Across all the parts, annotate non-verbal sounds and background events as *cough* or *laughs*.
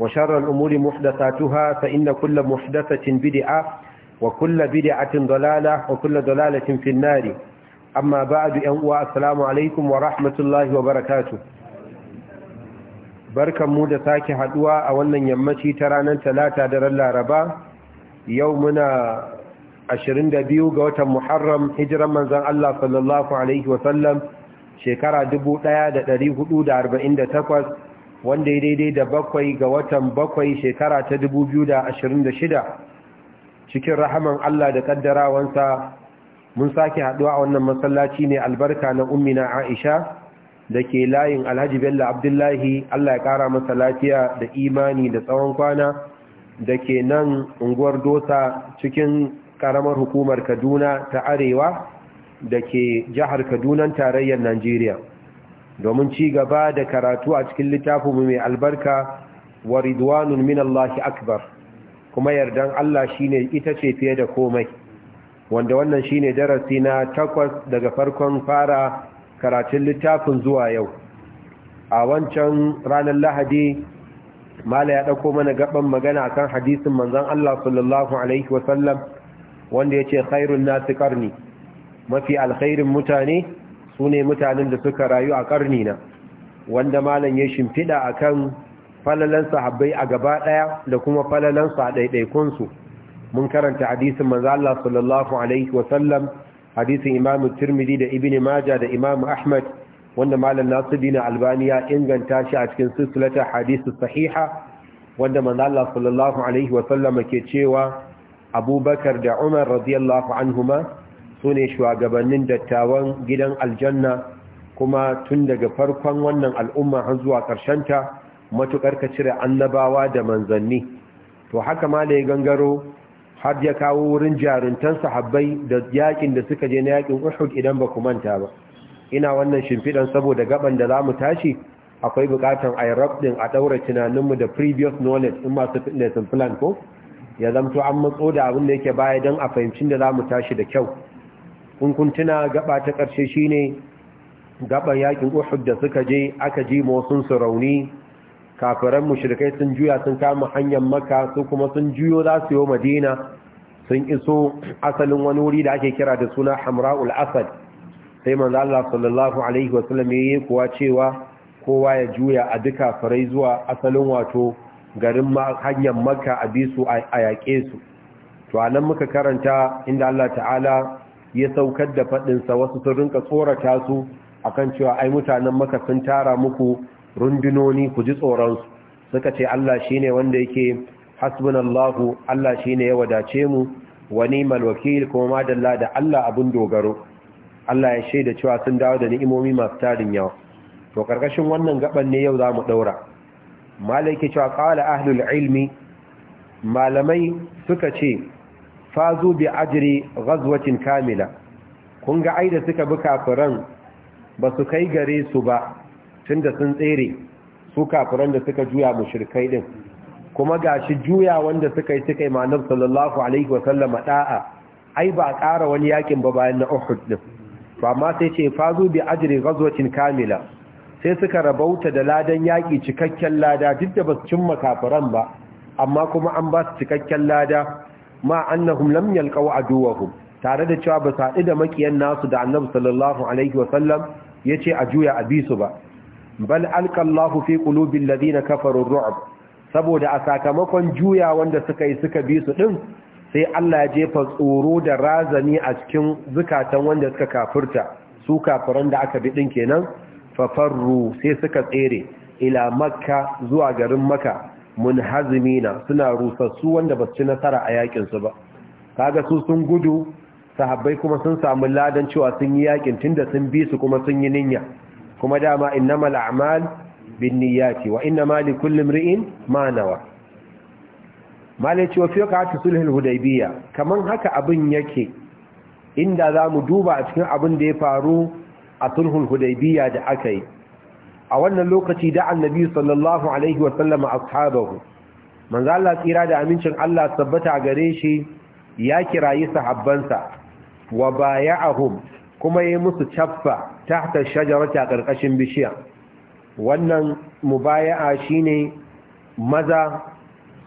وشر الأمور محدثاتها فإن كل محدثة بدعة وكل بدعة ضلالة وكل ضلالة في النار أما بعد أنواء السلام عليكم ورحمة الله وبركاته بركة مودة ساكي حدوى أولا يمشي ترانا ثلاثة در الله ربا يومنا ashirin da biyu ga watan Muharram hijiran manzan Allah sallallahu Alaihi wasallam shekara takwas. wanda ya daidai da bakwai ga watan bakwai shekara ta da shida, cikin rahaman Allah da kaddarawansa mun sake haduwa a wannan masallaci ne albarka na ummina Aisha da ke layin Alhaji Bello Abdullahi Allah ya kara masa lafiya da imani da tsawon kwana da ke nan unguwar Dosa cikin karamar hukumar Kaduna ta Arewa da ke jihar Kaduna tarayyar Najeriya domin ci gaba da karatu a cikin littafin mai albarka wa ridwanun min Allah akbar kuma yardan Allah shine ita ce fiye da komai wanda wannan shine darasi na takwas daga farkon fara karatun littafin zuwa yau a wancan ranar lahadi mala ya ɗauko mana gaban magana akan hadisin manzon Allah sallallahu alaihi wasallam wanda yace khairun nasi qarni mafi alkhairin mutane su ne mutanen da suka rayu a ƙarni na wanda malam ya shimfiɗa a kan falalan sahabbai a gaba ɗaya da kuma falalan su a ɗaiɗaikunsu mun karanta hadisin manzo Allah sallallahu alaihi wasallam hadisin Imam Tirmidhi da Ibn Majah da Imam Ahmad wanda malam Nasiruddin Albani ya inganta shi a cikin silsilata hadisi sahiha wanda manzo Allah sallallahu alaihi ke cewa Abubakar da Umar radiyallahu anhuma su ne shugabannin dattawan gidan aljanna kuma tun daga farkon wannan al'umma har zuwa ta, matuƙar ka cire annabawa da manzanni to haka ma da ya gangaro har ya kawo wurin jaruntan sahabbai da yakin da suka je na yakin uhud idan ba ku manta ba ina wannan shimfiɗan saboda gaban da za mu tashi akwai buƙatar a yi a ɗaura tunaninmu da previous knowledge in masu fitness and plan ko ya zamto an matso da abin da yake baya don a fahimcin da za mu tashi da kyau kunkuntuna gaba ta ƙarshe shine gaban yakin Uhud da suka je aka ji motsin su rauni kafiran mushrikai sun juya sun kama hanyar Makka su kuma sun juyo za su yi Madina sun iso asalin wani wuri da ake kira da suna Hamra'ul Asad sai manzo Allah sallallahu alaihi wa sallam yayi kuwa cewa kowa ya juya a duka farai zuwa asalin wato garin ma hanyar Makka a bisu a yaƙe su to anan muka karanta inda Allah ta'ala ya saukar da faɗinsa wasu sun rinka tsorata su a kan cewa ai mutanen maka sun tara muku rundunoni ku ji tsoronsu suka ce Allah shi ne wanda yake hasbunallahu Allah shi ne ya wadace mu wa ni'mal wakil kuma madalla da Allah abun dogaro Allah ya shaida cewa sun dawo da ni'imomi masu tarin yawa to karkashin wannan gaban ne yau zamu daura malai ke cewa qala ahlul ilmi malamai suka ce fazu bi ajri ghazwatin kamila kun ga aida suka bi kafiran ba su kai gare su ba tunda sun tsere su kafiran da suka juya mushrikai din kuma shi juya wanda suka yi suka yi manab sallallahu alaihi wasallama da'a ai ba ƙara wani yakin ba bayan na Uhud din ba ma sai ce fazu bi ajri ghazwatin kamila sai suka rabauta da ladan yaki cikakken lada duk da ba su cimma kafiran ba amma kuma an ba su cikakken lada ma annahum lam yalqaw aduwahum tare da cewa ba haɗu da makiyan nasu da annabi sallallahu alaihi wa ya ce a juya a bisu ba bal alƙallahu fi alladhina ladina ar ru'ab saboda a sakamakon juya wanda suka yi suka bi su din, sai Allah ya jefa tsoro da razani a cikin zukatan wanda suka kafirta su kafiran da aka bi din kenan fafarru sai suka tsere ila makka zuwa garin makka Mun na, suna rusassu wanda ba ci nasara a yakinsu ba kaga su sun gudu sahabbai kuma sun samu ladan cewa sun yi yakin tunda sun bi su kuma sun yi ninya kuma dama innamal a'mal niyyati wa innama kulli imri'in ma nawa malai cewa fiye ka haka sulhul hudaybiya kaman haka abin yake inda zamu duba a cikin abin da ya faru a sulhul hudaybiya da aka yi a wannan lokaci da annabi sallallahu alaihi wa sallama ashabahu manzo Allah tsira da amincin Allah tabbata gare shi ya kirayi sahabbansa wa baya'ahum kuma yayi musu chaffa tahta shajarati a karkashin bishiya wannan mubaya'a shine maza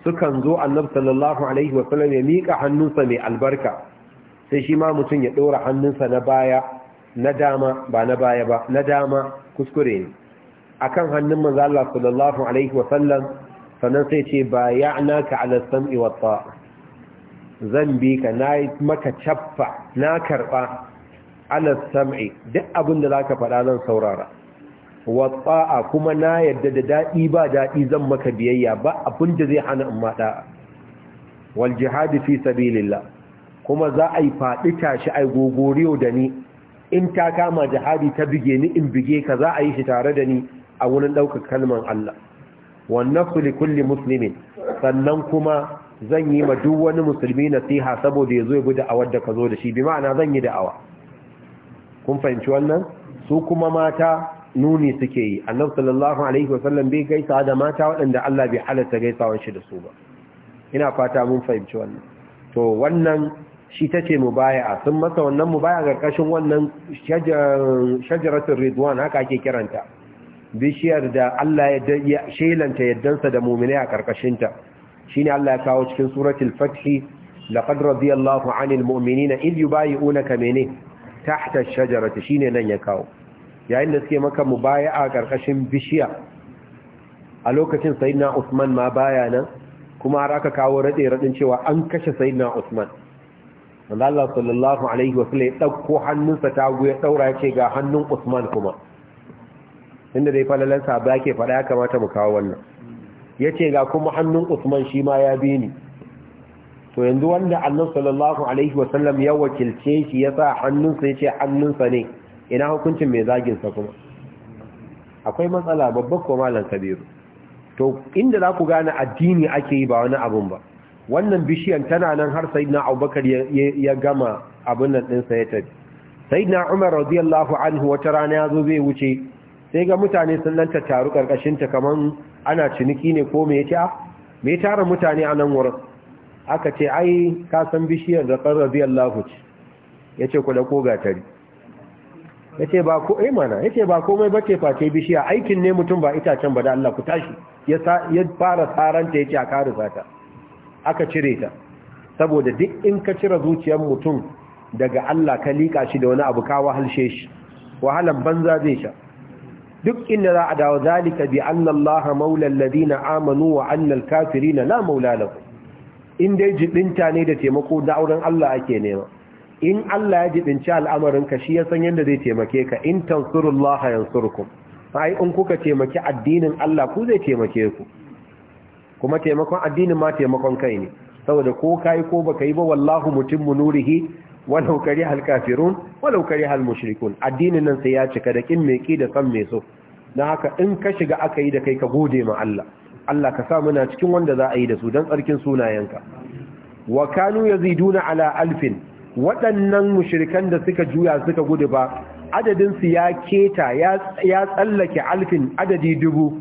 sukan zo annabi sallallahu alaihi wa sallam ya mika hannunsa mai albarka sai shi ma mutum ya dora hannunsa na baya na dama ba na baya ba na dama kuskure ne akan hannun manzo Allah sallallahu alaihi wa sallam sannan sai ce ba ya'naka ala sam'i wa ta'a zan bi ka nayi maka chaffa na karba ala sam'i duk abin da zaka faɗa nan saurara wa ta'a kuma na yadda da dadi ba dadi zan maka biyayya ba abin da zai hana in ma Waljihadi wal jihad fi sabilillah kuma za a yi faɗi tashi a gogoriyo da ni in ta kama jihadi ta bige ni in bige ka za a yi shi tare da ni a wurin ɗaukar kalmar Allah wannan su kulli musulmin sannan kuma zan yi ma duk wani musulmi nasiha saboda ya zo bi da'awar da ka zo da shi bi ma'ana zan yi da'awa kun fahimci wannan su kuma mata nuni suke yi annabi sallallahu alaihi wasallam bai gaisa da mata waɗanda Allah bai halatta gaisawan shi da su ba ina fata mun fahimci wannan to wannan shi tace mubaya'a sun masa wannan mubaya'a ga kashin wannan shajaratul ridwan haka ake kiranta bishiyar da Allah ya shelanta yaddansa da mu'mini a ƙarƙashinta, shi ne Allah ya kawo cikin suratul fath laqad radiyallahu 'anil mu'minina id yubayyi'unaka mene tahta ash-shajarati ne nan ya kawo yayin da suke maka a ƙarƙashin bishiya a lokacin sayyidina Usman ma baya nan kuma har aka kawo rade radin cewa an kashe sayyidina Usman Allah sallallahu alaihi wasallam ya dauko hannunsa tagu ya daura yake ga hannun Usman kuma inda dai falalan sahabbai ake fada ya kamata mu kawo wannan yace ga kuma hannun Usman shi ma ya bi ni to yanzu wanda Annabi sallallahu alaihi wasallam ya wakilce shi ya sa hannunsa yace hannunsa ne ina hukuncin mai zagin sa kuma akwai matsala babba ko malam kabiru to inda za ku gane addini ake yi ba wani abun ba wannan bishiyan tana nan har sayyidina Abubakar ya gama abin nan din sa ya sayyidina Umar radiyallahu anhu wata rana ya zo zai wuce sai ga mutane sun lanta taru karkashinta kaman ana ciniki ne ko me ah, ya me tara mutane a nan wurin aka ce ai ka san bishiyar da kan radiyallahu ce yace ku da ko gatari yace ba ko eh mana yace ba komai ba bace face bishiya aikin ne mutum ba itacen ba da Allah ku tashi ya ya fara tsaranta yace a karisa ta aka cire ta saboda duk in ka cire zuciyar mutum daga Allah ka lika shi da wani abu ka wahalshe shi wahalan banza zai sha duk inda za a dawo zalika bi anna allaha maula alladhina amanu wa annal kafirina la maula lahum in dai jibinta ne da taimako da auren Allah ake nema in Allah ya jibinci al'amarin ka shi ya san yanda zai taimake ka in tansurullaha yansurkum ai in kuka taimaki addinin Allah ku zai taimake ku kuma taimakon addinin ma taimakon kai ne saboda ko kai ko baka yi ba wallahu mutimmu nurihi walau kari halkafirun walau kari halmushrikun addinin nan sai ya cika da kin meki da san me so don haka in ka shiga aka yi da kai ka gode ma Allah Allah ka sa muna cikin wanda za a yi da su don tsarkin sunayenka wa kanu yaziduna ala alfin waɗannan mushrikan da suka juya suka gudu ba adadin su ya keta ya tsallake alfin adadi dubu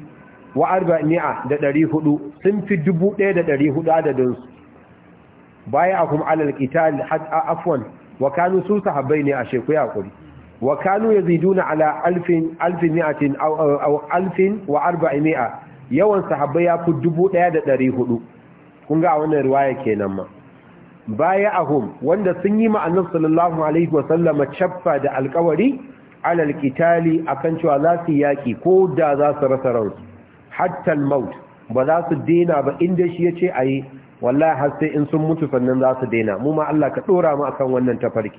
wa arba'a da ɗari hudu sun fi dubu ɗaya da ɗari hudu adadinsu baya a kuma alal a afwan wa kanu su sahabbai ne a sheku ya kuri wa kanu yaziduna ala alfin yawan sahabbai ya fi dubu ɗaya da ɗari hudu kunga a wannan riwaya kenan ma baya ahum wanda sun yi ma'anar sallallahu alaihi wasallama cappa da alkawari alal kitali akan cewa za su yaƙi ko da za su rasa raun hatta maut ba za su dena ba inda shi yace ayi wallahi har sai in sun mutu sannan za su dena mu ma Allah ka dora mu akan wannan tafarki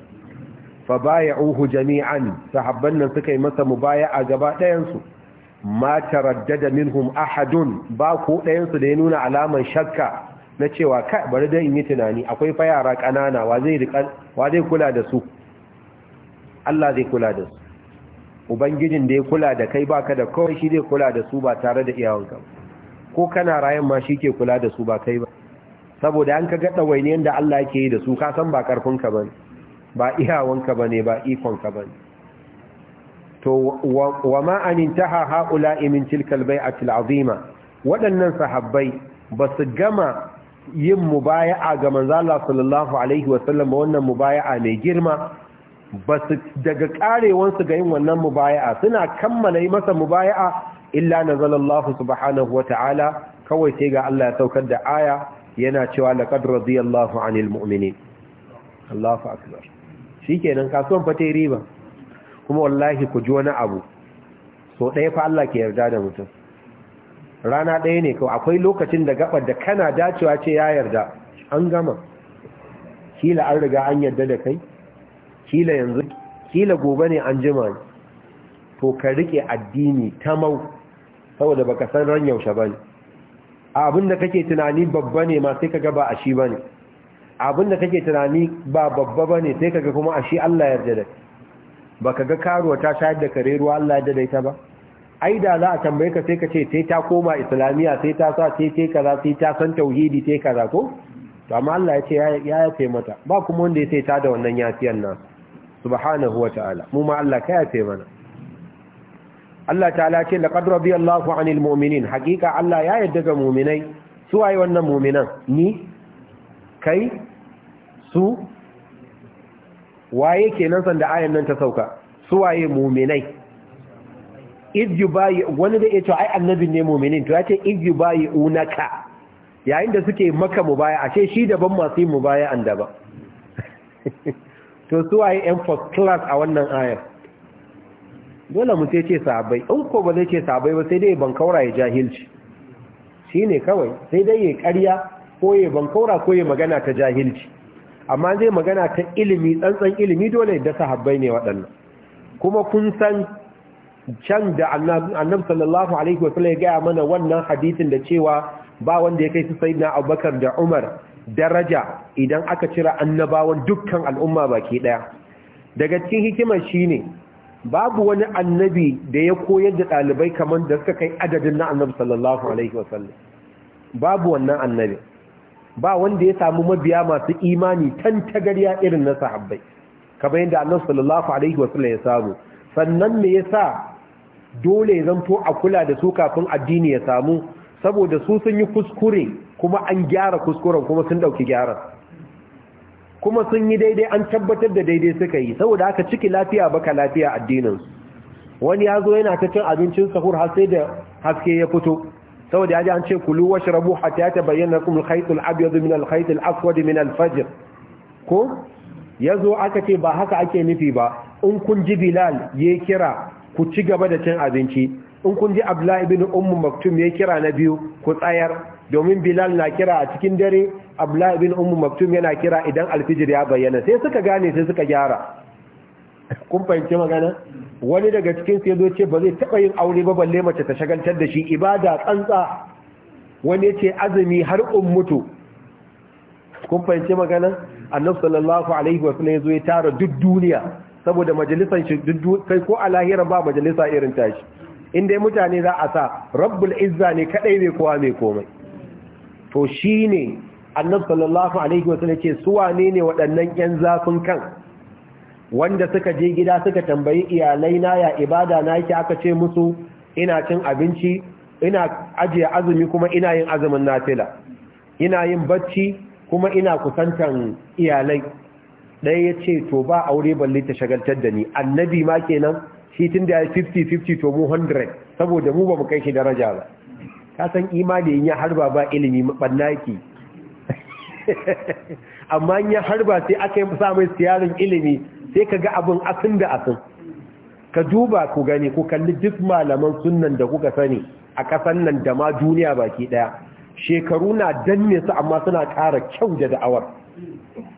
fa baya'uhu jami'an sahabban nan suka yi masa mubaya'a gaba ɗayansu ma taraddada minhum ahadun ba ko ɗayansu da ya nuna alaman shakka na cewa kai bari dan in yi tunani akwai fa yara ƙanana wa zai wa zai kula da su Allah zai kula da su ubangijin da ya kula da kai baka da kawai shi zai kula da su ba tare da iyawanka ko kana rayan ma shi ke kula da su ba kai ba saboda an ka ga ɗawainiyar da Allah yake yi da su ka san ba karfin ba bane ba iyawanka ba ne ba ikonka ba ne to wa ma'anin taha haƙula imin tilkal bai a tilazima waɗannan sahabbai ba su gama yin mubaya'a ga manzala sallallahu alaihi wasallam ba wannan mubaya'a mai girma ba su daga ƙarewansu ga yin wannan mubaya'a suna kammala yi masa mubaya'a illa na zalallahu subhanahu wa ta'ala kawai sai ga Allah ya saukar da aya yana cewa laqad radiyallahu anil mu'minin Allahu akbar Shi kenan kasuwan fa ta riba kuma wallahi ku ji wani abu so ɗaya fa Allah ke yarda da mutum rana ɗaya ne kawai akwai lokacin da gabar da kana dacewa ce ya yarda an gama kila an riga an yarda da kai kila yanzu kila gobe ne an jima to ka rike addini ta mau saboda baka san ran yaushe ba abin da kake tunani babba ne ma sai ka gaba a shi ba ne. abin da kake tunani ba babba bane sai kaga kuma a shi Allah yarda dai. ba ka ga karuwa ta shayar da kare ruwa Allah yarda da ita ba ai da za a tambaye ka sai ka ce sai ta koma islamiyya sai ta sa sai ta kaza sai ta san tauhidi sai kaza ko to amma Allah ya ce ya yafe mata ba kuma wanda ya sai ta da wannan yafiyan nan subhanahu wa ta'ala mu ma Allah ka yafe mana Allah ta'ala ce laqad radiyallahu 'anil mu'minin haqiqa Allah ya yarda ga mu'minai su waye wannan mu'minan ni kai su waye kenan sanda ayan nan ta sauka su waye muminai you buy wani da yace ai annabin ne muminin to yace if you bayi unaka yayin da suke maka mubaya ashe shi daban masu yi mubaya an ba. *laughs* to su waye yan for class a wannan ayar dole mu ce sabai in ko ba zai ce sabai ba sai dai ban kaura ya jahilci shine kawai sai dai ya ƙarya ko ya ban kaura ko ya magana ta jahilci amma zai magana ta ilimi tsantsan ilimi dole da sahabbai ne waɗannan kuma kun san can da annabi sallallahu alaihi wasallam ya gaya mana wannan hadisin da cewa ba wanda ya kai su sayyidina Abubakar da Umar daraja idan aka cira annabawan dukkan al'umma baki ɗaya. daga cikin hikimar shine babu wani annabi da ya koyar da ɗalibai kamar da suka kai adadin na annabi sallallahu alaihi wasallam babu wannan annabi ba wanda ya samu mabiya masu imani tan tagariya irin na sahabbai kamar yadda Allah sallallahu alaihi wasallam ya samu sannan me yasa dole zanto a kula da su kafin addini ya samu saboda su sun yi kuskure kuma an gyara kuskuren kuma sun dauki gyaran kuma sun yi daidai an tabbatar da daidai suka yi saboda haka ciki lafiya baka lafiya addinin wani ya zo yana ta cin abincin sahur har sai da haske ya fito saboda yaji an ce kulu washrabu hatta a lakum al-khayt al-abyad min al-khayt al-aswad min al-fajr ko yazo aka ce ba haka ake nufi ba in kun ji bilal ya kira ku ci gaba da cin abinci in kun ji abla ibn ummu maktum ya kira na biyu ku tsayar domin bilal na kira a cikin dare abla ibn ummu maktum yana kira idan alfijir ya bayyana sai suka gane sai suka gyara kun fahimci magana wani daga cikin su yazo ce ba zai taba yin aure ba balle mace ta shagaltar da shi ibada tsantsa wani yace azumi har ummuto kun fahimci magana annabi sallallahu alaihi wasallam yazo ya tara duk duniya saboda majalisan shi duk kai ko a lahira ba majalisa irin tashi in dai mutane za a sa rabbul izza ne kadai mai kowa mai komai to shine annabi sallallahu alaihi wasallam yace su wane ne waɗannan yan zafin kan wanda suka je gida suka tambayi iyalai na ya ibada na yake aka ce musu ina cin abinci ina ajiye azumi kuma ina yin azumin nafila ina yin bacci kuma ina kusantan iyalai ɗaya ya ce to ba aure balle ta shagaltar da ni annabi ma kenan shi tun da ya 50-50 to mu 100 saboda mu ba mu kai shi daraja ba ka san imani ya harba ba ilimi ɓannaki *laughs* amma in ya harba sai aka yi sa mai siyarin ilimi sai ka ga abin asin da asin ka duba ku gani ku kalli duk malaman sunan da kuka sani a ƙasar nan da ma duniya baki ɗaya shekaru na danne su amma suna ƙara kyau da da'awar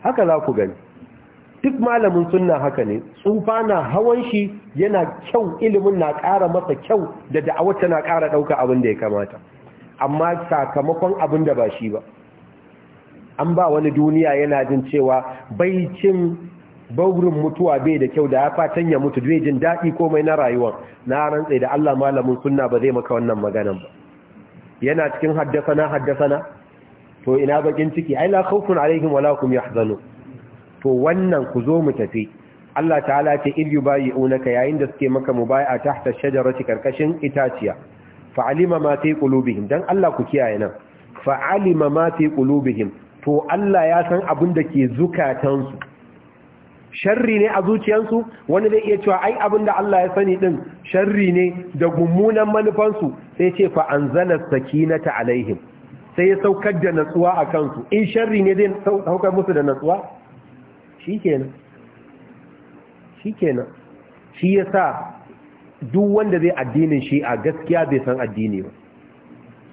haka za ku gani duk malamin sunna haka ne tsufa na hawan shi yana kyau ilimin na ƙara masa kyau da da'awar tana ƙara ɗauka abin da ya kamata amma sakamakon abin da ba shi ba an ba wani duniya yana jin cewa bai cin baurin mutuwa bai da kyau da ya fatan ya mutu bai jin daɗi komai na rayuwa na rantsai da Allah malamin sunna ba zai maka wannan maganan ba yana cikin haddasana haddasana to ina bakin ciki ai la khawfun alaihim wala hum yahzanun to wannan ku zo mu tafi Allah ta'ala ce in yubayi'unaka yayin da suke maka mubai'a tahta shajarati karkashin itaciya fa'alima ma fi qulubihim dan Allah ku kiyaye nan fa'alima ma fi qulubihim to Allah ya san abin da ke zukatansu sharri ne a zuciyansu wani zai iya cewa ai abin da Allah ya sani din sharri ne da gummunan manufansu sai ce fa anzala sakinata alaihim sai ya saukar da natsuwa a kansu in sharri ne zai saukar musu da natsuwa ke nan, shi Shi ya sa duk wanda zai addinin shi a gaskiya bai san addini ba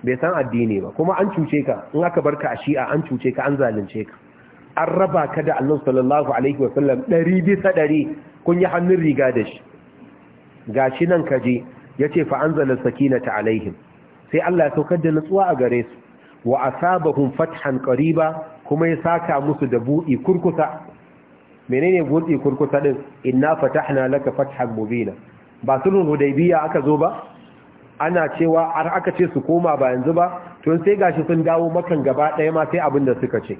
bai san addini ba kuma an cuce ka in aka barka a shi'a an cuce ka an zalunce ka an raba ka da Allah sallallahu alaihi wasallam ɗari bisa ɗari kun yi hannun riga da shi ga shi nan kaje ya ce fa'anzalar sakinata alaihim sai Allah ya saukar da nutsuwa a gare su wa a asabahum fathan ƙariba kuma ya saka musu da buɗi kurkusa menene buɗi kurkusa din inna fatahna laka fathan mubina ba sulhul hudaybiya aka zo ba ana cewa har aka ce su koma ba yanzu ba tun sai gashi sun dawo makan gaba ɗaya ma sai abin da suka ce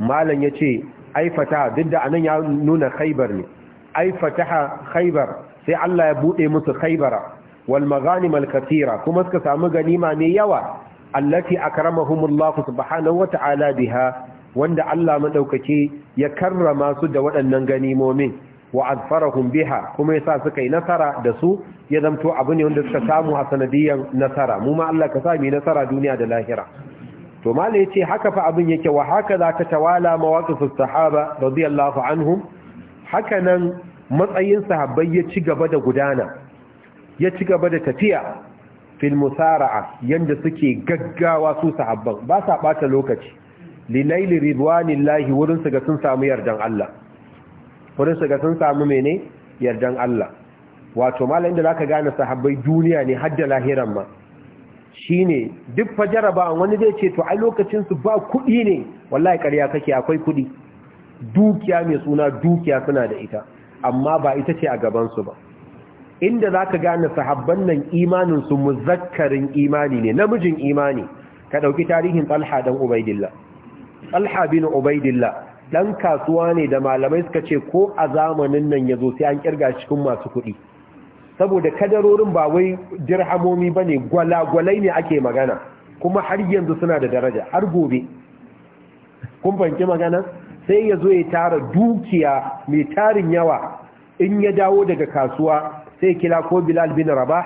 malam ya ce ai fataha duk da anan ya nuna khaibar ne ai fataha khaibar sai Allah ya buɗe musu khaibara wal maghanim al kathira kuma suka samu ganima ne yawa allati akramahumullah subhanahu wa ta'ala biha wanda Allah madaukake ya karrama su da waɗannan ganimomin wa azfarahum biha kuma yasa suka yi nasara da su ya zamto abu ne wanda suka samu a sanadiyan nasara mu ma Allah ka sa mu nasara duniya da lahira to malai yace haka fa abin yake wa haka za ka tawala as sahaba radiyallahu anhum haka nan matsayin sahabbai ya ci gaba da gudana ya ci gaba da tafiya fil musara'a yanda suke gaggawa su sahabban ba sa bata lokaci li layli ridwanillahi wurin su ga sun samu yardan Allah wurin su ga sun samu mene yardan Allah wato malamin da zaka gane sahabbai duniya ne hadda lahiran ma shine duk fajaraba wani zai ce to a lokacin su ba kuɗi ne wallahi ƙarya kake akwai kuɗi dukiya mai suna dukiya suna da ita amma ba ita ce a gaban su ba inda zaka gane sahabban nan imanin su muzakkarin imani ne namijin imani ka ɗauki tarihin Talha dan Ubaidillah Talha bin Ubaidillah dan kasuwa ne da malamai suka ce ko a zamanin nan ya zo sai an kirga cikin masu kuɗi saboda kadarorin ba wai dirhamomi ba ne gwalagwalai ne ake magana kuma har yanzu suna da daraja har gobe kun fanki magana sai ya zo ya tara dukiya mai tarin yawa in ya dawo daga kasuwa sai kila ko bilal bin rabah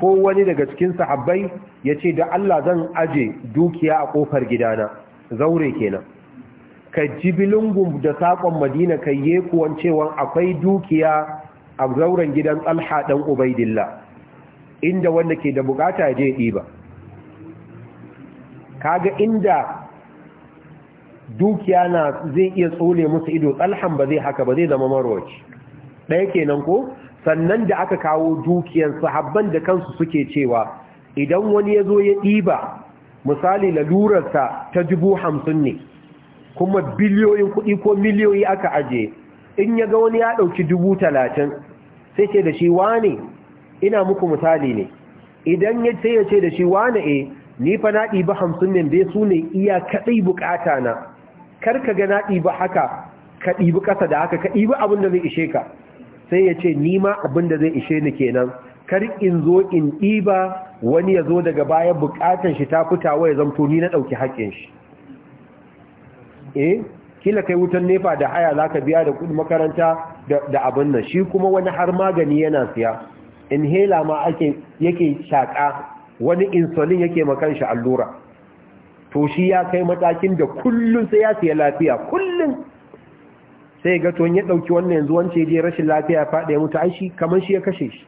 ko wani daga cikin sahabbai ya ce da allah zan aje dukiya a kofar gidana zaure kenan ka ji bilungun da saƙon madina ka yi kuwan cewa akwai dukiya a zauren gidan tsalha ɗan ubaidilla inda wanda ke da bukata je ɗiba kaga inda dukiya na zai iya tsole musu ido tsalhan ba zai haka ba zai zama marwaci ɗaya kenan ko sannan da aka kawo dukiyan habban da kansu suke cewa idan wani ya zo ya ɗiba misali lalurarsa ta dubu hamsin ne kuma biliyoyin kuɗi ko miliyoyi aka aje in ya ga wani ya ɗauki dubu talatin sai ce da shi wane ina muku misali ne idan ya ce ya ce da shi wane e ni fa na ɗiba hamsin ne bai su ne iya kaɗai buƙata na kar ga na ɗiba haka ka ɗibi ƙasa da haka ka ɗibi abin da zai ishe ka sai ya ce ni ma abin da zai ishe ni kenan kar in zo in ɗiba wani ya zo daga baya bukatan shi ta fitawa ya zamto ni na ɗauki haƙƙin shi eh kila kai wutan nefa da haya zaka biya da kudin makaranta da abin nan shi kuma wani har magani yana siya inhaler ma ake yake shaka wani insulin yake makan shi allura to shi ya kai matakin da kullun sai ya siya lafiya kullun sai ga to ya dauki wannan yanzu wance je rashin lafiya fada ya mutu aishi kamar shi ya kashe shi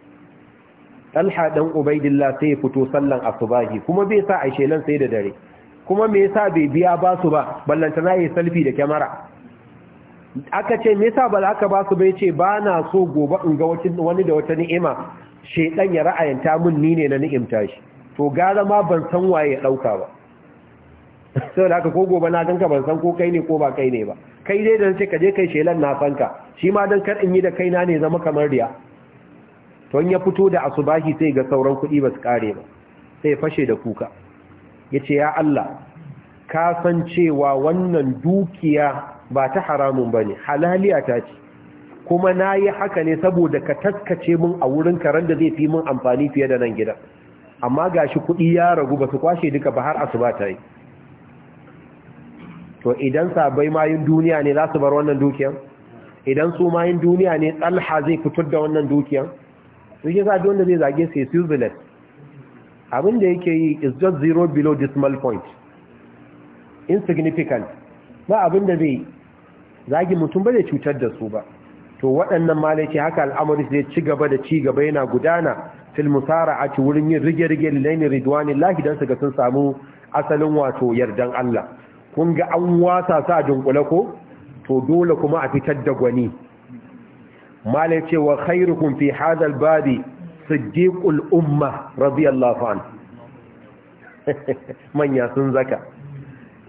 Talha dan Ubaidillah sai ya fito sallan asubahi kuma bai sa ai shelan sai da dare kuma me yasa bai biya ba su ba ballanta na yi salfi da kyamara aka ce me yasa ba aka ba su bai ce ba na so gobe in ga wani da wata ni'ima shedan ya ra'ayanta min ni ne na ni'imta shi to gara ma ban san waye ya dauka ba Sai da aka ko gobe na ganka ban san ko kai ne ko ba kai ne ba kai dai dan ce ka je kai shelan na san ka shi ma dan kar in yi da kaina ne zama kamar riya to in ya fito da asubahi sai ga sauran kuɗi ba su kare ba sai fashe da kuka ya ce ya Allah ka san cewa wannan dukiya ba ta haramun ba ne halaliya ta ce kuma na yi haka ne saboda ka taskace mun a wurin karen da zai fi mun amfani fiye da nan gida amma ga shi kuɗi ya ragu ba su kwashe duka ba har asuba ta yi to idan sabai mayun duniya ne za su bar wannan dukiyan idan su mayun duniya ne tsalha zai fitar da wannan dukiyan su ke sa wanda zai zage sai switzerland abin da yake yi is just zero below decimal point insignificant ba abin da zai zagi mutum ba zai cutar da su ba to waɗannan malaki haka al'amari zai ci gaba da ci gaba yana gudana fil musara a ci wurin yin rige-rige lilaini ridwani lahi don su ga sun samu asalin wato yardan Allah kun ga an wasa sa dunkule ko to dole kuma a fitar da gwani malai cewa kun fi hadal babi siddiqul umma radiyallahu an *laughs* manya sun zaka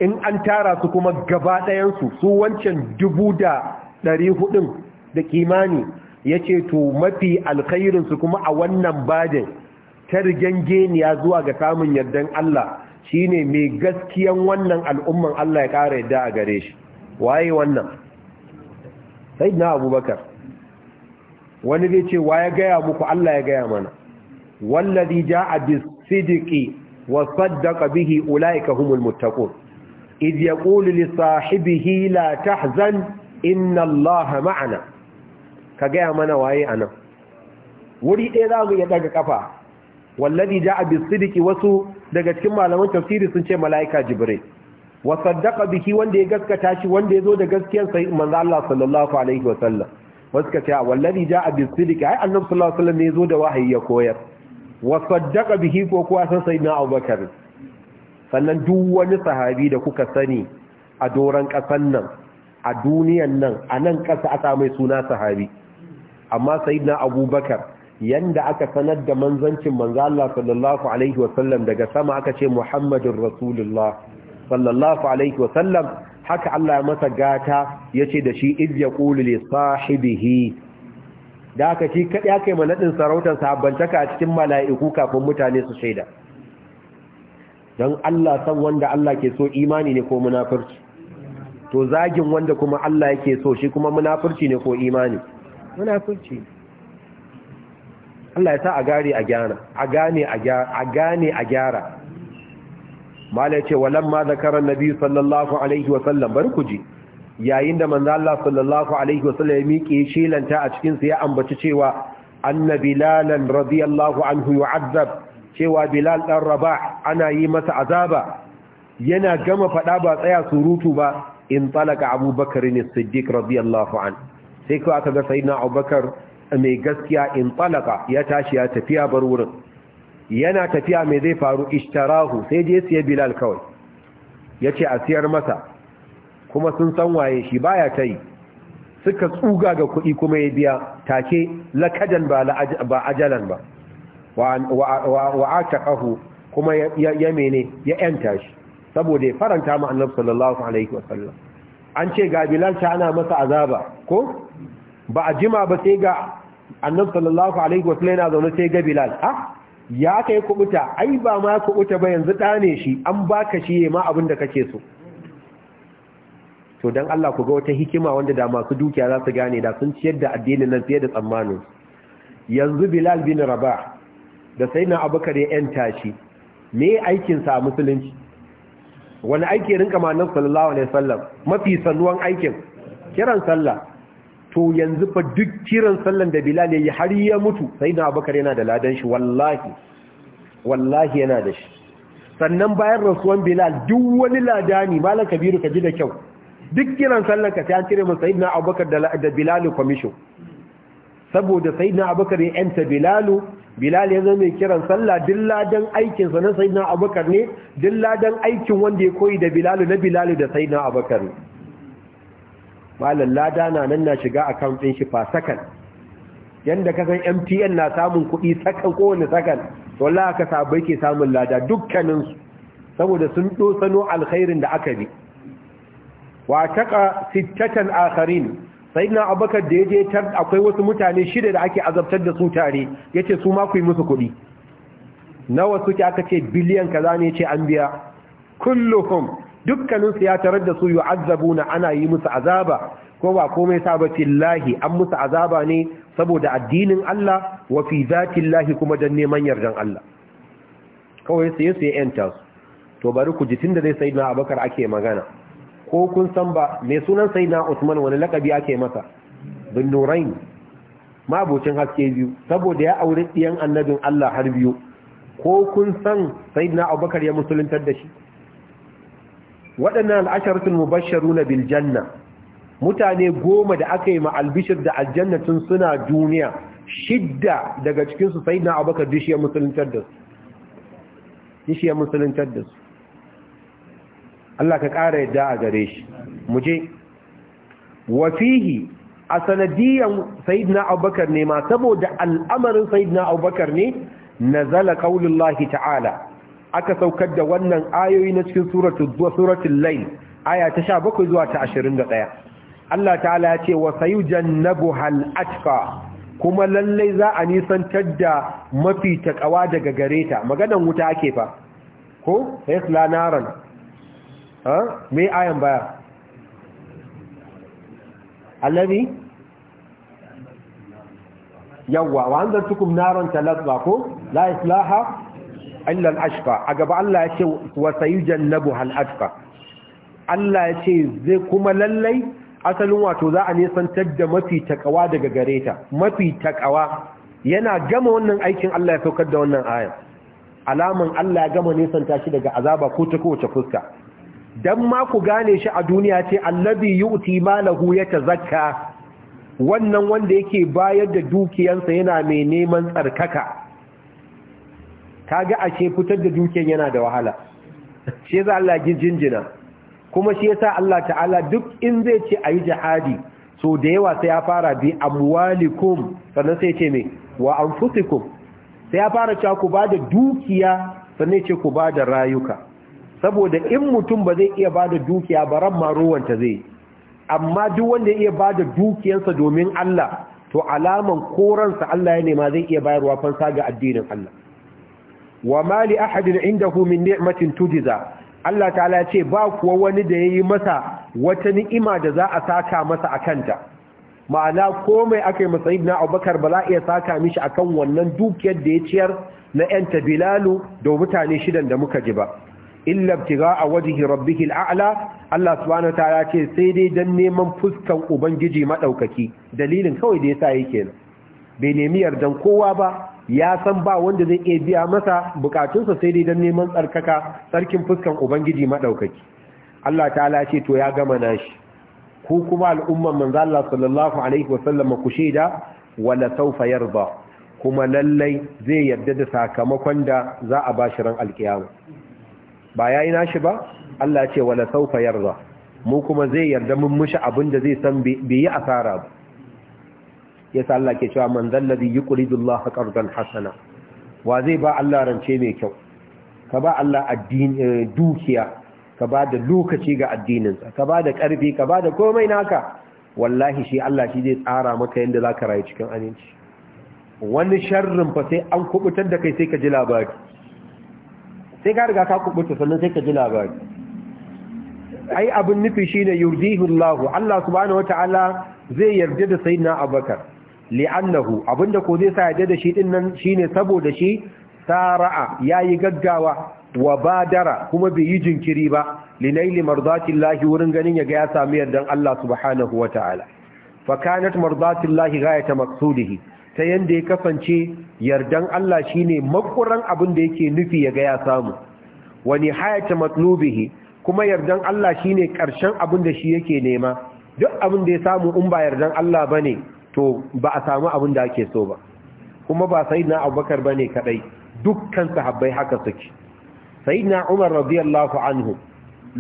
in an tara su kuma gaba ɗayansu su wancan dubu da ɗari hudun da kimani ya ce to mafi alkhairinsu kuma a wannan badin ta geniya zuwa ga samun yardan Allah shine mai gaskiyan wannan al'umman Allah ya ƙara yadda a gare shi waye wannan sai na abubakar wani zai ce wa ya gaya muku Allah ya gaya mana wallazi jaa bis-sidqi wa saddaqa bihi ulaika humul muttaqun idh yaqulu li sahibihi la tahzan inna Allaha ma'ana ka gaya mana waye anan wuri ɗaya za mu iya daga kafa wallazi jaa bis wasu daga cikin malaman tafsiri sun ce malaika jibril wa saddaqa bihi wanda ya gaskata shi wanda ya zo da gaskiyar sai manzo Allah sallallahu alaihi sallam. wasu ka ce a wallazi ja'a bis sidqi ai annabi sallallahu alaihi wasallam ne zo da wahayi ya koyar wa saddaqa bihi ko kuwa san sayyidina abubakar sannan duk wani sahabi da kuka sani a doran kasan nan a duniyan nan a nan kasa aka mai suna sahabi amma sayyidina abubakar yanda aka sanar da manzancin manzo Allah sallallahu alaihi wasallam daga sama aka ce muhammadur rasulullah sallallahu alaihi wasallam haka Allah ya masa gata ya ce da shi izya ya ƙulu li sahibihi da haka shi kaɗi aka yi manaɗin sarautar sahabbantaka a cikin mala'iku kafin mutane su shaida don Allah san wanda Allah ke so imani ne ko munafurci to zagin wanda kuma Allah yake so shi kuma munafurci ne ko imani munafurci Allah ya sa a gane a gyara a gane a gyara mala yace walamma zakara annabi sallallahu alaihi wasallam bari ku ji yayin da manzo Allah sallallahu alaihi wasallam ya miƙe shelanta a cikin sa ya ambaci cewa anna bilalan radiyallahu anhu yu'azzab cewa bilal dan rabah ana yi masa azaba yana gama fada ba tsaya surutu ba in talaka abubakar ne siddiq radiyallahu an sai ko aka ga sayyidina abubakar mai gaskiya in talaka ya tashi ya tafiya bar wurin yana tafiya mai zai faru ishtarahu sai je siya bilal kawai ya ce a siyar masa kuma sun san waye shi baya ta yi suka tsuga ga kuɗi kuma ya biya take lakadan ba ajalan ba wa'ata ƙahu kuma ya mene ya ‘yanta shi saboda ya faranta ma annabi sallallahu alaihi wasallam an ce ga bilal ta ana masa azaba ko ba a jima ba sai ga annan sallallahu alaihi wasallam yana zaune sai ga bilal ah! ya kai kubuta ai ba ma kubuta ba yanzu ɗane shi an baka shi ma abin da kake so to don Allah ku ga wata hikima wanda da masu dukiya za su gane da sun ciyar da addinin nan fiye da tsammanin yanzu bilal bin rabah da sai na abubakar ya yanta shi me aikinsa a musulunci wani aiki rinka manan sallallahu alaihi wasallam mafi sanuwan aikin kiran sallah to yanzu fa duk kiran sallan da bilal yayi har ya mutu sai da abubakar yana da ladan shi wallahi wallahi yana da shi sannan bayan rasuwan bilal duk wani ladani malam kabiru ka ji da kyau duk kiran sallan ka sai kire mu sai sayyidina abubakar da bilal commission saboda sayyidina abubakar ya enta bilal bilal ya zama kiran sallah duk ladan aikin sa na sayyidina abubakar ne duk ladan aikin wanda ya koyi da bilal na bilal da sayyidina abubakar ne malam lada na nan na shiga account din shi fa sakan yanda ka san MTN na samun kuɗi sakan kowane sakan to ka sabai ke samun lada dukkanin su saboda sun dosano alkhairin da aka bi wa taqa sittatan akharin sayyidina abubakar da yaje tar akwai wasu mutane shida da ake azabtar da su tare yace su ma ku yi musu kuɗi nawa suke aka ce biliyan kaza ne ce an biya kulluhum dukkaninsu ya tarar da su na ana yi musu azaba ko ba komai sa lahi an musu azaba ne saboda addinin Allah wa fi lahi, kuma dan neman yardan Allah kawai sai su yanta to bari ku ji tunda dai sayyidina Abubakar ake magana ko kun san ba me sunan sayyidina Usman wani lakabi ake masa bin nurain haske biyu saboda ya aure ɗiyan annabin Allah har biyu ko kun san sayyidina Abubakar ya musuluntar da shi waɗannan al’asharatun mubasharu na Biljanna. mutane goma da aka yi ma'albishir da aljanna tun suna duniya shidda daga cikinsu sai na abubakar dishiyar musuluntar da su Allah ka ƙara yadda a gare shi muje wafihi a sanadiyan sayyidina abubakar ne ma saboda al'amarin na abubakar ne nazala Allah ta'ala aka saukar da wannan ayoyi na cikin suratul lail aya ta 17 zuwa ta 21 Allah ta'ala ya ce wa sayujannabuhal atqa kuma lallai za a nisantar da mafi takawa daga gare ta maganan wuta ake fa ko yasla naran ha me ayan baya allazi yawwa wa anzartukum naran talazza ko la islaha illal ashqa a gaba Allah ya ce wa sayujannabu hal ashqa Allah ya ce zai kuma lallai asalin wato za a nisantar da mafi takawa daga gare ta mafi takawa yana gama wannan aikin Allah ya saukar da wannan ayan alaman Allah ya gama nisanta shi daga azaba ko ta kowace fuska dan ma ku gane shi a duniya ce allazi yu'ti malahu yatazakka wannan wanda yake bayar da dukiyansa yana mai neman tsarkaka Ka kaga ashe fitar da dukiyar yana da wahala shi yasa Allah ya jinjina kuma shi yasa Allah ta'ala duk in zai ce ayi jihadi so da yawa sai ya fara bi amwalikum sannan sai ce me wa anfusikum sai ya fara cewa ku ba da dukiya sannan ce ku bada rayuka saboda in mutum ba zai iya bada dukiya ba ran ma ruwanta zai amma duk wanda iya bada dukiyarsa domin Allah to alaman koransa Allah ya nema zai iya bayarwa fansa ga addinin Allah wa mali ahadin indahu min ni'matin tujza Allah ta'ala ya ce ba kuwa wani da yayi masa wata ni'ima da za a saka masa akanta ma'ana komai aka yi masa ibn Abubakar ba za iya saka mishi akan wannan dukiyar da ya ciyar na yan bilalu, da mutane shidan da muka ji ba illa a wajhi rabbihi Ala, Allah subhanahu ta'ala ce sai dai dan neman fuskan ubangiji madaukaki dalilin kawai da yasa yake nan bai nemi yardan kowa ba ya san ba wanda zai iya biya masa bukatunsa sai dai don neman tsarkaka tsarkin fuskan ubangiji maɗaukaki Allah ta'ala ce to ya gama nashi ku kuma al'umman manzo Allah sallallahu alaihi wasallam ku shaida wala sawfa yarda kuma lallai zai yarda da sakamakon da za a bashi ran alkiyama ba yayi nashi ba Allah ce wala sawfa yarda mu kuma zai yarda mun mushi abin da zai san bai yi asara ba yasa Allah ke cewa man zalladhi yuqridu Allah qardan hasana wa zai ba Allah rance mai kyau ka ba Allah addini eh, dukiya ka ba da lokaci ga addininsa ka ba da karfi ka ba da komai naka wallahi shi Allah shi zai tsara maka yanda zaka rayu cikin aminci wani sharrin fa sai an kubutar da kai sai ka ji labari sai ka riga ka kubuta sannan sai ka ji labari ai abin nufi shine yurdihullahu Allah subhanahu wataala zai yarda da sayyidina Abubakar li'annahu abinda ko zai sa ya da shi din shine saboda shi sara'a yayi gaggawa wa badara kuma bai yi jinkiri ba linaili mardatillahi wurin ganin ya ga ya sami yardan Allah subhanahu wata'ala fa kanat mardatillahi ghayata maqsudihi ta yanda ya kasance yardan Allah shine makuran abin da yake nufi ya ga ya samu wa nihayata matlubihi kuma yardan Allah shine karshen abin da shi yake nema duk abin da ya samu in ba yardan Allah bane to ba a samu abin da ake so ba kuma ba sayyidina abubakar ba ne kadai dukkan sahabbai haka suke na umar radiyallahu anhu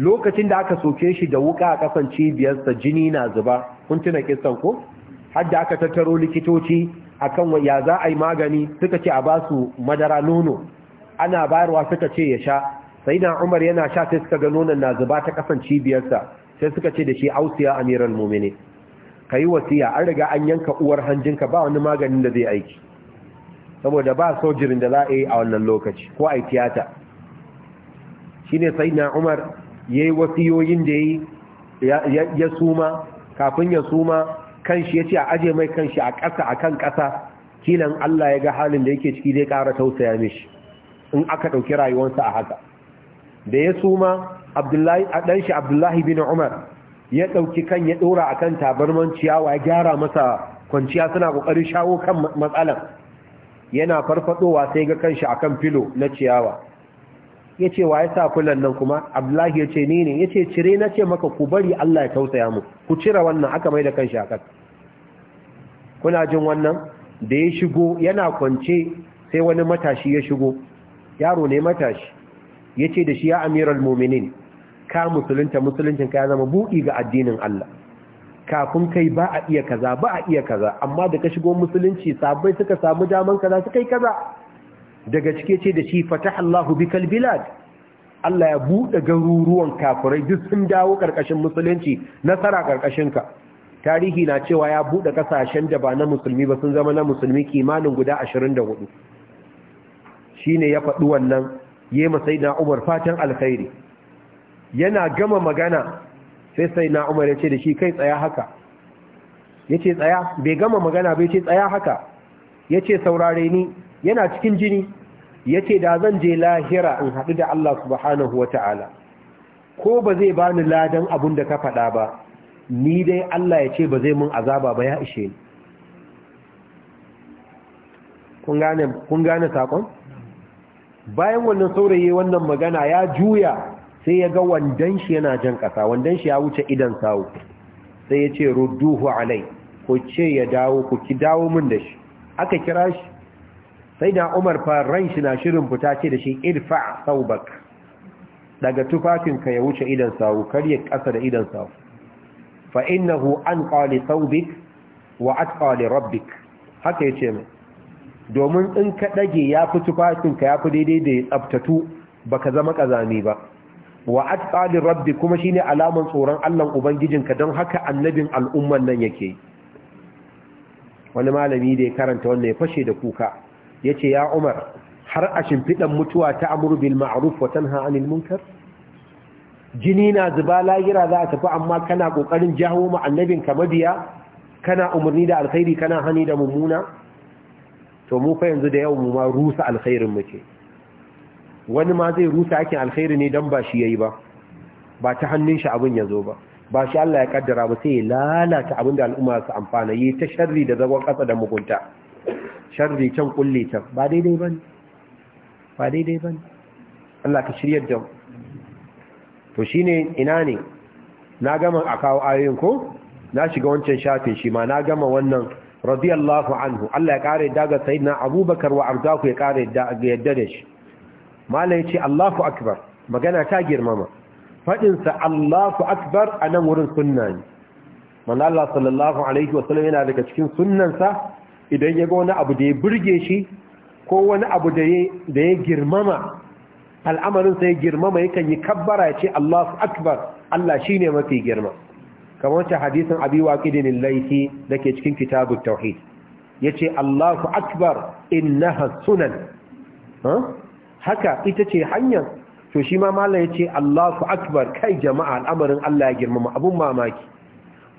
lokacin da aka soke shi da wuka a kasan cibiyarsa jini na zuba kun tuna kissan ko har da aka tattaro likitoci akan ya za a yi magani suka ce a basu madara nono ana bayarwa suka ce ya sha sayyidina umar yana sha sai suka ga nonon na zuba ta kasan cibiyarsa sai suka ce da shi ausiya amiral mu'minin ka yi wasiya an riga an yanka uwar hanjinka ba wani maganin da zai aiki saboda ba sojirin da za a yi a wannan lokaci ko a yi tiyata shi ne sai na umar ya yi wasiyoyin da ya suma kafin ya suma kanshi ya ce a aje mai kanshi a ƙasa a kan ƙasa kilan Allah ya ga halin da yake ciki zai ƙara tausaya mishi in aka ɗauki rayuwarsa a haka da ya suma ɗanshi abdullahi bin umar ya ɗauki kan ya ɗora a kan tabarman ciyawa ya gyara masa kwanciya suna ƙoƙarin shawo kan matsalan yana farfadowa sai ga kanshi a kan filo na ciyawa ya ce wa ya sa kulan nan kuma abdullahi ya ce ne ya ce cire na ce maka ku bari allah ya tausaya mu ku cire wannan aka mai da kanshi a kan kuna jin wannan da ya shigo yana kwance sai wani matashi ya shigo yaro ne matashi ya ce da shi ya amiral muminin ka musulunta musuluncin ka ya zama buɗi ga addinin Allah kafin kai ba a iya kaza ba a iya kaza amma da ka shigo musulunci sabai suka samu daman kaza suka yi kaza daga cike ce da shi fatahallahu bikal bilad Allah ya buɗe garuruwan kafirai duk sun dawo karkashin musulunci nasara karkashin ka tarihi na cewa ya buɗe ƙasashen da ba na musulmi ba sun zama na musulmi kimanin guda 24 shine ya faɗi wannan yema sayyidina Umar fatan alkhairi yana gama magana sai sai na umar ya ce da shi kai tsaya haka ya ce tsaya bai gama magana bai ce tsaya haka ya ce saurare ni yana cikin jini ya ce da zan je lahira in haɗu da Allah subhanahu wa ta'ala ko ba zai bani ladan abun da ka faɗa ba ni dai Allah ya ce ba zai mun azaba ba ya ishe ni kun gane saƙon? bayan wannan saurayi wannan magana ya juya sai ya ga wandan shi yana jan ƙasa wandan shi ya wuce idan sawu sai ya ce rudduhu alai ko ce ya dawo ku ki dawo min da shi aka kira shi sai da umar fa ran shi na shirin fita ce da shi irfa saubak daga tufafinka ya wuce idan sawu kar ya ƙasa da idan sawu fa innahu an qali saubik wa atqa li rabbik haka yace mai domin in ka dage yafi tufafinka fi daidai da ya tsaftatu baka zama kazami ba wa atqalir rabbi kuma shine alaman tsoron Allah ka don haka annabin al'umman nan yake wani malami da ya karanta wannan ya fashe da kuka yace ya Umar har a shimfidan mutuwa ta amru bil ma'ruf wa tanha 'anil munkar jini na zuba lahira za a tafi amma kana kokarin jawo mu annabinka mabiya kana umarni da alkhairi kana hani da mummuna to mu fa yanzu da yau mu ma rusa alkhairin muke wani ma zai rusa aikin alkhairi ne don ba shi yi ba ba ta hannun shi abin ya zo ba ba shi Allah ya kaddara ba sai ya lalata abin da al'umma su amfana yi ta sharri da zagon ƙasa da mugunta sharri can kulle can ba daidai ba ne ba daidai ba ne Allah ka shiryar da to shi ne ina ne na gama a kawo ayoyin ko na shiga wancan shafin shi ma na gama wannan radiyallahu anhu Allah ya kare daga sayidina abubakar wa arzaku ya ƙara yadda da shi mala ya ce allahu akbar magana ta girmama faɗinsa allahu akbar a nan wurin sunna ne manzo Allah sallallahu alaihi wasallam yana daga cikin sunnansa idan ya ga wani abu da ya burge shi ko wani abu da ya girmama al'amarinsa ya girmama yakan yi kabbara ya ce Allahu akbar Allah shi ne mafi girma kamar ta hadisin abi waqidin laifi da ke cikin kitabun tauhid ya ce Allahu akbar innaha sunan haka ita ce hanyar to shi ma ya ce Allahu akbar kai jama'a al'amarin Allah ya girmama abun mamaki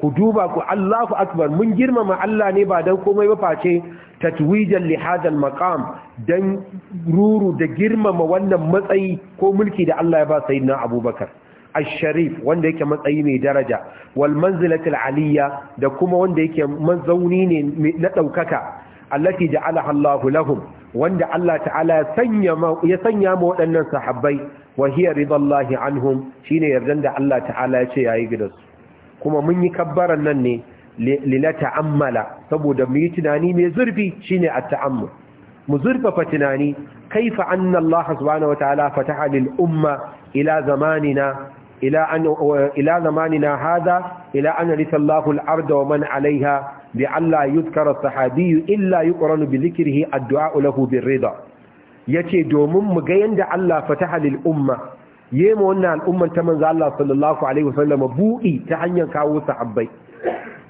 ku duba ku Allahu akbar mun girmama Allah ne ba dan komai ba face tatwijan li hadal maqam dan ruru da girmama wannan matsayi ko mulki da Allah ya ba sayyidina Abubakar al-sharif wanda yake matsayi mai daraja wal manzilatul aliyya da kuma wanda yake manzauni ne na daukaka allati ja'alaha Allahu lahum wanda Allah ta'ala ya sanya ma waɗannan sahabbai wa hiya ridallahi anhum shine yardan da Allah ta'ala ya ce yayi gidansu kuma mun yi kabbaran nan ne lila ta'ammala saboda mu yi tunani mai zurfi shine at-ta'ammul mu zurfafa tunani kaifa anna Allah subhanahu ta'ala fataha lil umma ila zamanina ila ila zamanina hadha ila an arda wa man alaiha. bi Allah yuzkara sahabiyu illa yuqranu bi dhikrihi addu'a lahu birrida yace domin mu ga yanda Allah fataha lil umma yema wannan al'ummar ta manzo Allah sallallahu alaihi wasallam bu'i ta hanyar kawo sahabbai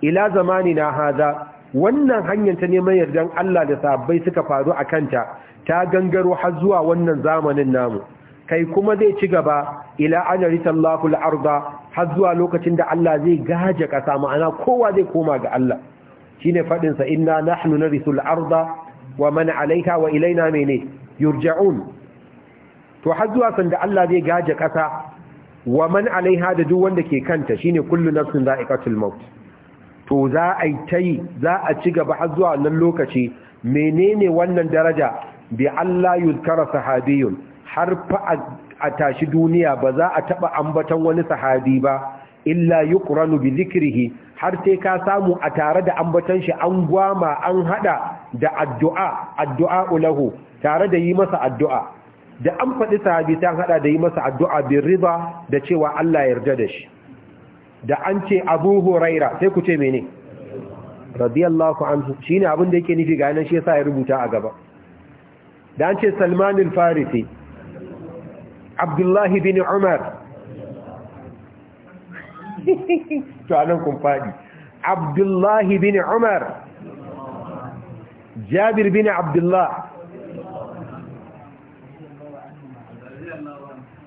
ila zamani na hada wannan hanyar ta neman yardan Allah da sahabbai suka faru a kanta ta gangaro har zuwa wannan zamanin namu kai kuma zai ci gaba ila an risallahu al-arda har zuwa lokacin da Allah zai gaje ƙasa ma'ana kowa zai koma ga Allah shine fadin sa inna nahnu narithul arda wa man alaiha wa ilaina mene yurja'un to har zuwa sanda Allah zai gaje kasa wa man alaiha da duk wanda ke kanta shine kullu nafsin za'iqatul maut to za a tai za a ci gaba har zuwa wannan lokaci menene wannan daraja bi Allah yuzkara sahabiyun har fa a tashi duniya ba za a taba ambaton wani sahabi ba illa yuqranu bi zikrihi har sai ka samu a tare da ambaton shi an gwama an hada da addu'a addu'a ulahu tare da yi masa addu'a da an faɗi sahabi sai an hada da yi masa addu'a bin riba da cewa Allah yarda da shi da an ce Abu Huraira sai ku ce mene radiyallahu anhu shine abin da yake nufi ga nan shi yasa ya rubuta a gaba da an ce Salman al-Farisi Abdullahi bin Umar *laughs* to anan kun fadi abdullahi bin umar jabir bin abdullah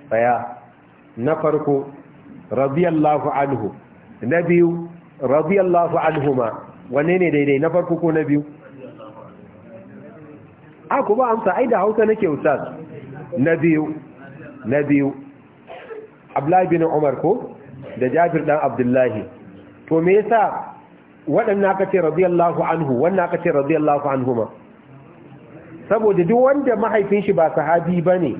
tsaya na farko radiyallahu anhu na biyu radiyallahu anhuma wanne ne daidai na farko ko na biyu a ku ba amsa ai da hausa nake ustaz na biyu na biyu abdullahi bin umar ko da jabir ɗan abdullahi to me yasa waɗannan aka ce radiyallahu anhu wannan aka ce radiyallahu anhuma saboda duk wanda mahaifin shi ba sahabi bane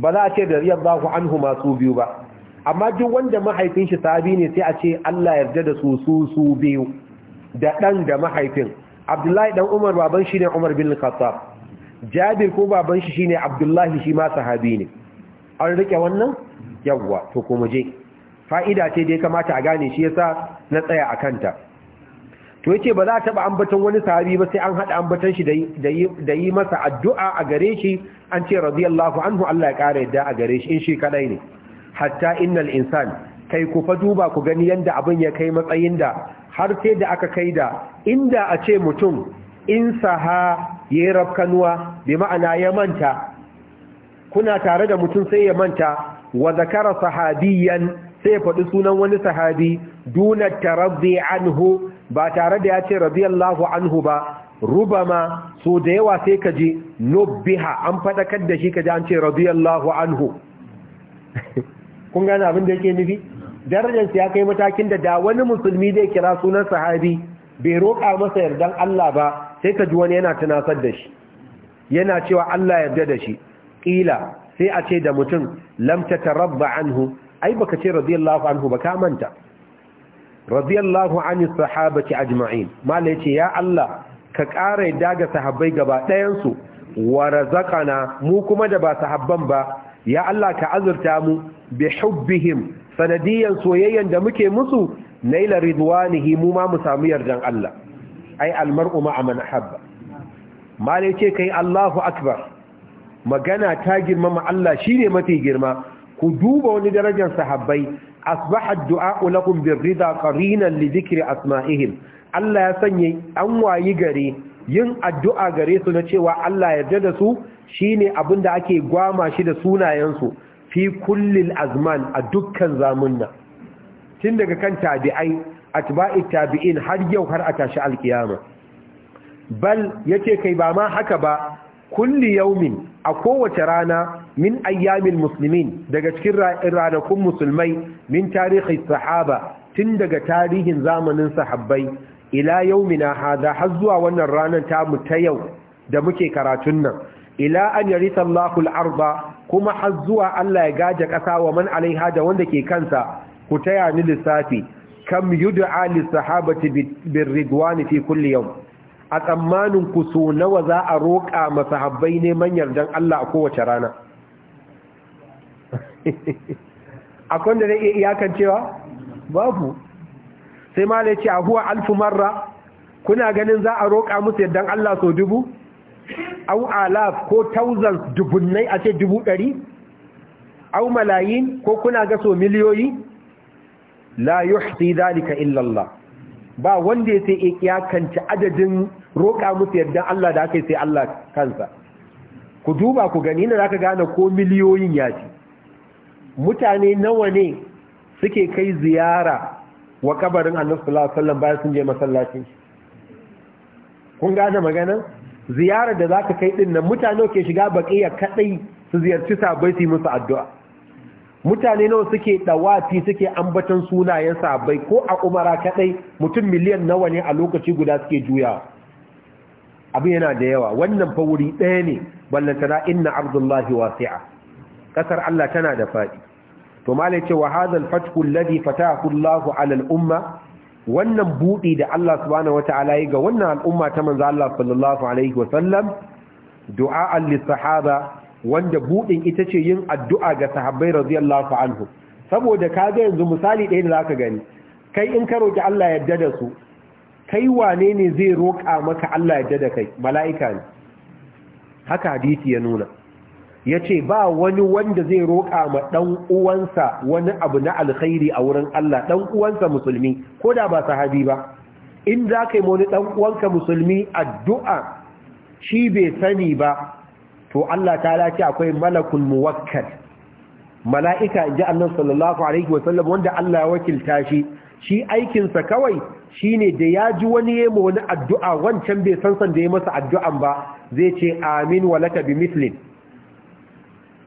ba za a ce da radiyallahu anhuma su biyu ba amma duk wanda mahaifin shi sahabi ne sai a ce Allah yarda da su su su biyu da dan da mahaifin Abdullahi dan Umar baban shi ne Umar bin Khattab Jabir ko baban shi shine Abdullahi shi ma sahabi ne an rike wannan yawwa to kuma je fa'ida ce dai kamata a gane shi yasa na tsaya a kanta to yace ba za ta ba ambaton wani sahabi ba sai an hada ambaton shi da yi masa addu'a a gare shi an ce radiyallahu anhu Allah ya kara yadda a gare shi in shi kadai ne hatta innal insan kai ku fa duba ku gani yadda abin ya kai matsayin da har sai da aka kai da inda a ce mutum in saha yi rafkanuwa bi ma'ana ya manta kuna tare da mutum sai ya manta wa zakara sahabiyan sai ya faɗi sunan wani sahabi duna taraddi anhu ba tare da ya ce radiyallahu anhu ba rubama so da yawa sai ka ji nubbiha an faɗakar da shi ka ji an ce radiyallahu anhu *laughs* kun gane abin da yake nufi darajarsa ya kai matakin da da wani musulmi zai kira sunan sahabi bai roƙa masa yardan Allah ba sai ka ji wani yana tunasar da shi yana cewa Allah yarda da shi ƙila sai a ce da mutum lam tatarabba anhu ai baka ce radiyallahu anhu baka manta radiyallahu anhu sahabati ajma'in mala yace ya Allah ka ƙara yadda ga sahabbai gaba ɗayan su wa razaqana mu kuma da ba sahabban ba ya Allah ka azurta mu bi hubbihim sanadiyan soyayyan da muke musu naila ridwanihi mu ma mu samu yardan Allah ai almar'u ma man habba mala yace kai Allahu akbar magana ta girma girmama Allah shine mafi girma ku duba wani darajar sahabbai asbahat du'a'u lahum birrida qarinan li dhikri asma'ihim Allah ya sanya an wayi gare yin addu'a gare su na cewa Allah ya yarda da su shine da ake gwama shi da sunayen su fi kullil azman a dukkan zamunna tun daga kan tabi'ai atba'i tabi'in har yau har a tashi alkiyama bal yace kai ba ma haka ba kulli yaumin a kowace rana min ayyamin musulmin daga cikin ranakun musulmai min tarihin sahaba tun daga tarihin zamanin sahabbai ila yaumina hada har zuwa wannan ranar ta mu ta yau da muke karatun nan ila an yarisa Allahu al kuma har zuwa Allah ya gaje ƙasa wa man alaiha da wanda ke kansa ku taya ni lissafi kam yud'a lis-sahabati bir-ridwan fi kulli yawm a tsammanin ku so nawa za a roƙa masahabbai neman yardan Allah a kowace rana *laughs* akwai da zai iya iyakan cewa babu sai ma ce a huwa alfu marra kuna ganin za a roƙa musu yardan Allah so dubu au alaf ko tauzan dubunnai a ce dubu ɗari au malayin ko kuna ga so miliyoyi la yuhsi zalika illallah ba wanda ya sai kanci adadin roƙa musu yadda Allah da aka yi sai Allah kansa ku duba ku gani na zaka gane ko miliyoyin ya ce mutane nawa ne suke kai ziyara wa kabarin annabi sallallahu alaihi bayan sun je masallacin shi kun gane magana ziyarar da zaka kai din nan mutane ke shiga baqiya kadai su ziyarci sabai su yi musu addu'a mutane nawa suke dawafi suke ambaton sunayen sahabbai ko a umara kadai mutum miliyan nawa ne a lokaci guda suke juya abin yana da yawa wannan fa ɗaya ne ballantana inna abdullahi wasi'a kasar Allah tana da fadi to malai ce wa hadhal fathu alladhi fatahu Allahu ala al-umma wannan budi da Allah subhanahu wataala yi ga wannan al'umma ta manzo Allah sallallahu alaihi Sallam, du'a lis-sahaba wanda budin ita ce yin addu'a ga sahabbai radiyallahu anhu saboda ka ga yanzu misali ɗaya da ka gani kai in ka roki Allah yadda da su kai wane ne zai roƙa maka Allah yadda da kai mala'ika ne haka hadisi ya nuna ya ce ba wani wanda zai roƙa ma ɗan uwansa wani abu na alkhairi a wurin Allah ɗan uwansa musulmi ko da ba sahabi ba in za ka yi wani ɗan uwanka musulmi addu'a shi bai sani ba to Allah ta lafi akwai malakul muwakkal mala'ika inji Allah sallallahu alaihi wasallam wanda Allah ya wakilta shi shi aikinsa kawai shine da ya ji wani yema wani addu'a wancan bai san san da ya masa addu'an ba zai ce amin walaka bi mislin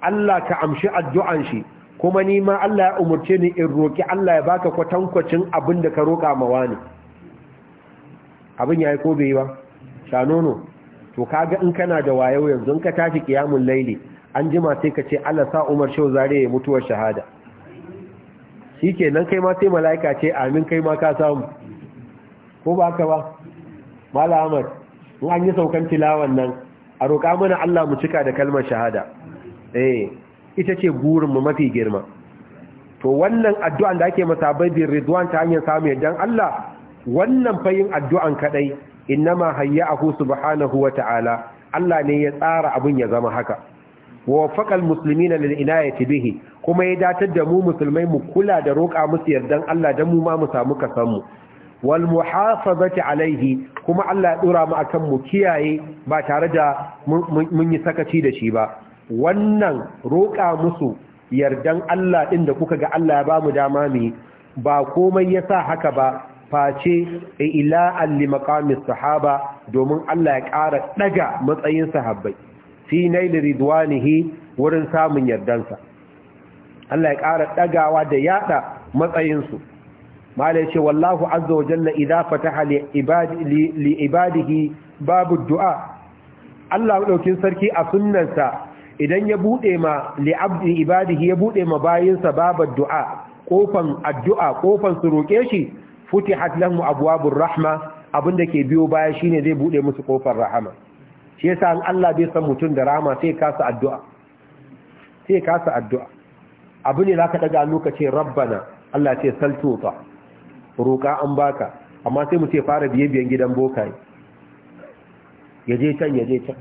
Allah ka amshi addu'an shi kuma ni ma Allah ya umurce ni in roki Allah ya baka kwatankwacin abin ka roka ma wani abin yayi ko bai ba nono. to kaga in kana da wayo yanzu ka tashi kiyamul laili, an jima sai ka ce Allah sa Umar shau Zare ya mutuwar shahada shikenan kai ma sai malaika ce amin kai ma ka samu ko ba ka ba mala Ahmad in an yi saukan tilawan nan a roƙa mana Allah mu cika da kalmar shahada eh ita ce burin mu mafi girma to wannan addu'an da ake masabai bin ridwan ta hanyar samu yaddan Allah wannan fayin addu'an kadai innama hayya'ahu subhanahu wa ta'ala Allah ne ya tsara abin ya zama haka wa wafaqal muslimina lil inayati bihi kuma ya datar da mu musulmai mu kula da roƙa musu yardan Allah dan mu ma mu samu kasan mu wal muhafazati alaihi kuma Allah ya dora mu akan mu kiyaye ba tare da mun yi sakaci da shi ba wannan roƙa musu yardan Allah din da kuka ga Allah ya ba mu dama mu ba komai yasa haka ba face ila'an limakamis sahaba domin Allah ya ƙara ɗaga matsayin sahabbai fi naili ridwanihi wurin samun yardansa Allah ya ƙara ɗagawa da yaɗa matsayinsu malai ce wallahu azza wa jalla idza fataha li ibadihi babu du'a Allah daukin sarki a sunnansa idan ya bude ma li abdi ibadihi ya buɗe ma bayinsa babu du'a kofan addu'a kofan su roke shi futihat lahum abwabur rahma abinda ke biyo baya shine zai bude musu kofar rahama shi yasa an Allah bai san mutun da rahama sai kasa addu'a sai kasa addu'a abu ne zaka daga annuka ce rabbana Allah ce saltuta roka an baka amma sai mu ce fara biye biyan gidan bokaye yaje can yaje can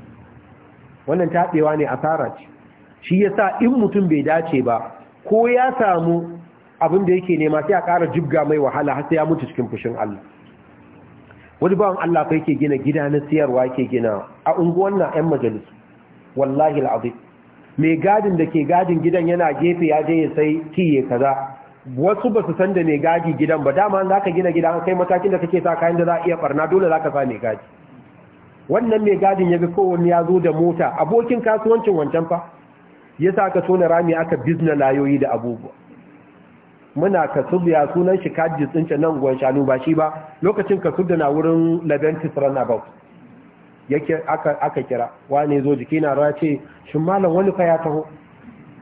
wannan tabewa ne asara ce shi yasa in mutum bai dace ba ko ya samu abin da yake nema sai a ƙara jibga mai wahala har sai ya mutu cikin fushin Allah wani bawan Allah kai ke gina gida na siyarwa yake gina a unguwan na 'yan majalisu wallahi al'azim mai gadin da ke gadin gidan yana gefe ya je ya sai kiye kaza wasu ba su san da mai gadi gidan ba dama za ka gina gidan kai matakin da kake sa kayan da za a iya barna dole za ka sa mai gadi wannan mai gadin ya ga kowanne ya zo da mota abokin kasuwancin wancan fa ya sa ka tona rami aka bizna layoyi da abubuwa muna ka sunan shi kaji tsince nan gwan shanu ba shi ba lokacin ka da na wurin labentis runabout yake aka aka kira wani zo jiki na ce shin malam wani fa ya taho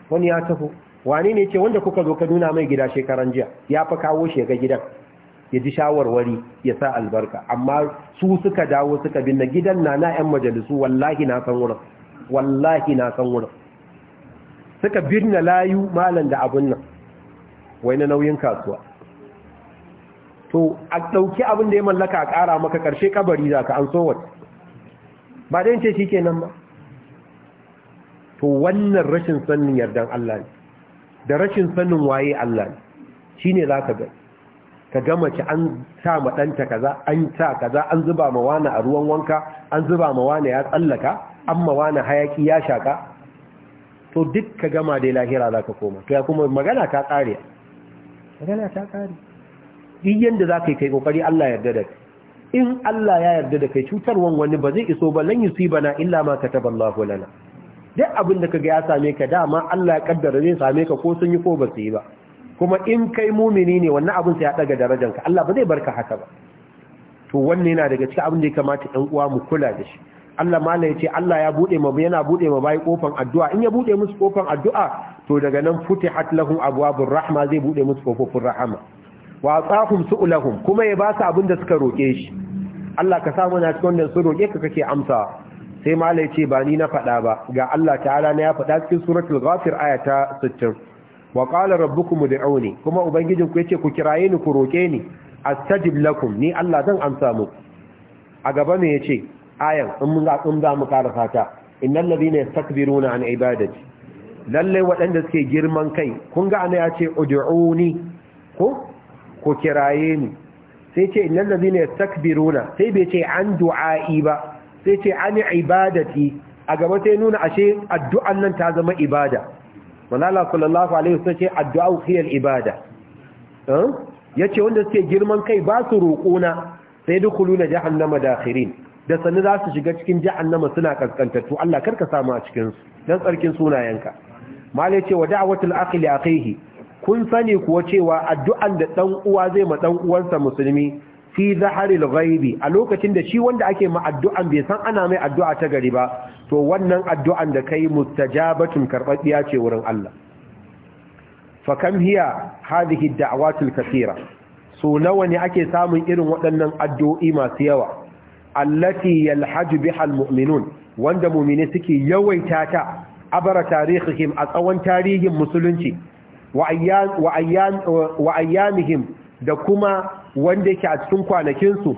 wani ya taho wani ne ce wanda kuka zo ka nuna mai gida shekaran jiya ya fa kawo shi ga gidan ya ji shawarwari ya sa albarka amma su suka dawo suka binne gidan na na yan majalisu wallahi na san wurin wallahi na san wurin suka binne layu malam da abun nan wai na nauyin kasuwa to a ɗauki abin da ya mallaka a ƙara maka ƙarshe kabari za ka an so wata ba da ce shi kenan ba to wannan rashin sannin yardan Allah ne da rashin sannin waye Allah ne shi ne za ka ga ka gama ci an sa ma ɗanta kaza an sa kaza an zuba ma wani a ruwan wanka an zuba ma wani ya tsallaka an ma wani hayaki ya shaka to duk ka gama dai lahira za ka koma to ya kuma magana ka ƙariya magana ta ƙare duk yanda za ka yi kai ƙoƙari Allah yarda da kai in Allah ya yarda da kai cutarwan wani ba zai iso ba lan yusibana illa ma Allahu lana duk abin da kaga ya same ka dama Allah ya kaddara zai same ka ko sun yi ko ba su yi ba kuma in kai mumini ne wannan abin sai ya daga darajar ka Allah ba zai barka haka ba to wannan yana daga cikin abin da ya kamata ɗan uwa mu kula da shi Allah mala ce Allah ya bude yana buɗe ma bai kofan addu'a in ya buɗe musu kofan addu'a to daga nan futihat lahum abwabur rahma zai bude musu kofofin rahama wa su su'lahum kuma ya ba su abin da suka roke shi Allah ka samu na cikin wannan su roke ka kake amsa sai mala yace ba ni na faɗa ba ga Allah ta'ala na ya faɗa cikin suratul ghafir aya ta 60 wa qala rabbukum ud'uni kuma ku yace ku kiraye ni ku roke ni astajib lakum ni Allah zan amsa muku a gaba ya yace ayan in mun ga in za mu karasa ta innal ladina yastakbiruna an ibadati lalle waɗanda suke girman kai kun ga ana ya ce ud'uni ko ko kiraye ni sai ce innal ladina yastakbiruna sai bai ce an du'a'i ba sai ce an ibadati a gaba sai nuna ashe addu'an nan ta zama ibada manala sallallahu alaihi wasallam ce addu'a hiya ibada eh yace wanda suke girman kai ba su roƙona sai dukuluna jahannama dakhirin da sannu za su shiga cikin jahannama suna kaskantattu Allah karka samu a cikin su dan tsarkin sunayenka malai ce wa da'awatul akhi li kun sani kuwa cewa addu'an da dan uwa zai ma dan uwansa musulmi fi zaharil ghaibi a lokacin da shi wanda ake ma addu'an bai san ana mai addu'a ta gari ba to wannan addu'an da kai mustajabatun karbabbiya ce wurin Allah fa kam hiya hadhihi da'watul kathira so nawa ne ake samun irin waɗannan addu'o'i masu yawa allati yalhaju biha almu'minun wanda mu'mini suke yawaita ta abara tarihihim a tsawon tarihin musulunci wa ayyamihim da kuma wanda yake a cikin kwanakinsu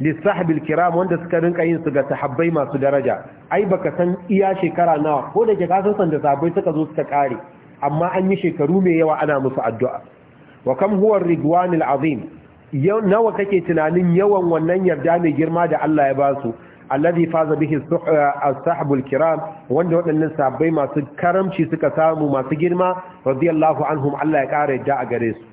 lissahabil kiram wanda suka rinka yin su ga sahabbai masu daraja ai baka san iya shekara nawa ko da ke kasan sanda sahabbai suka zo suka kare amma an yi shekaru mai yawa ana musu addu'a wa kam huwa ridwanil azim nawa kake tunanin yawan wannan yarda mai girma da Allah ya ba su alladhi faza bihi ashabul kiram wanda waɗannan sahabbai masu karamci suka samu masu girma radiyallahu anhum Allah ya kare da a gare su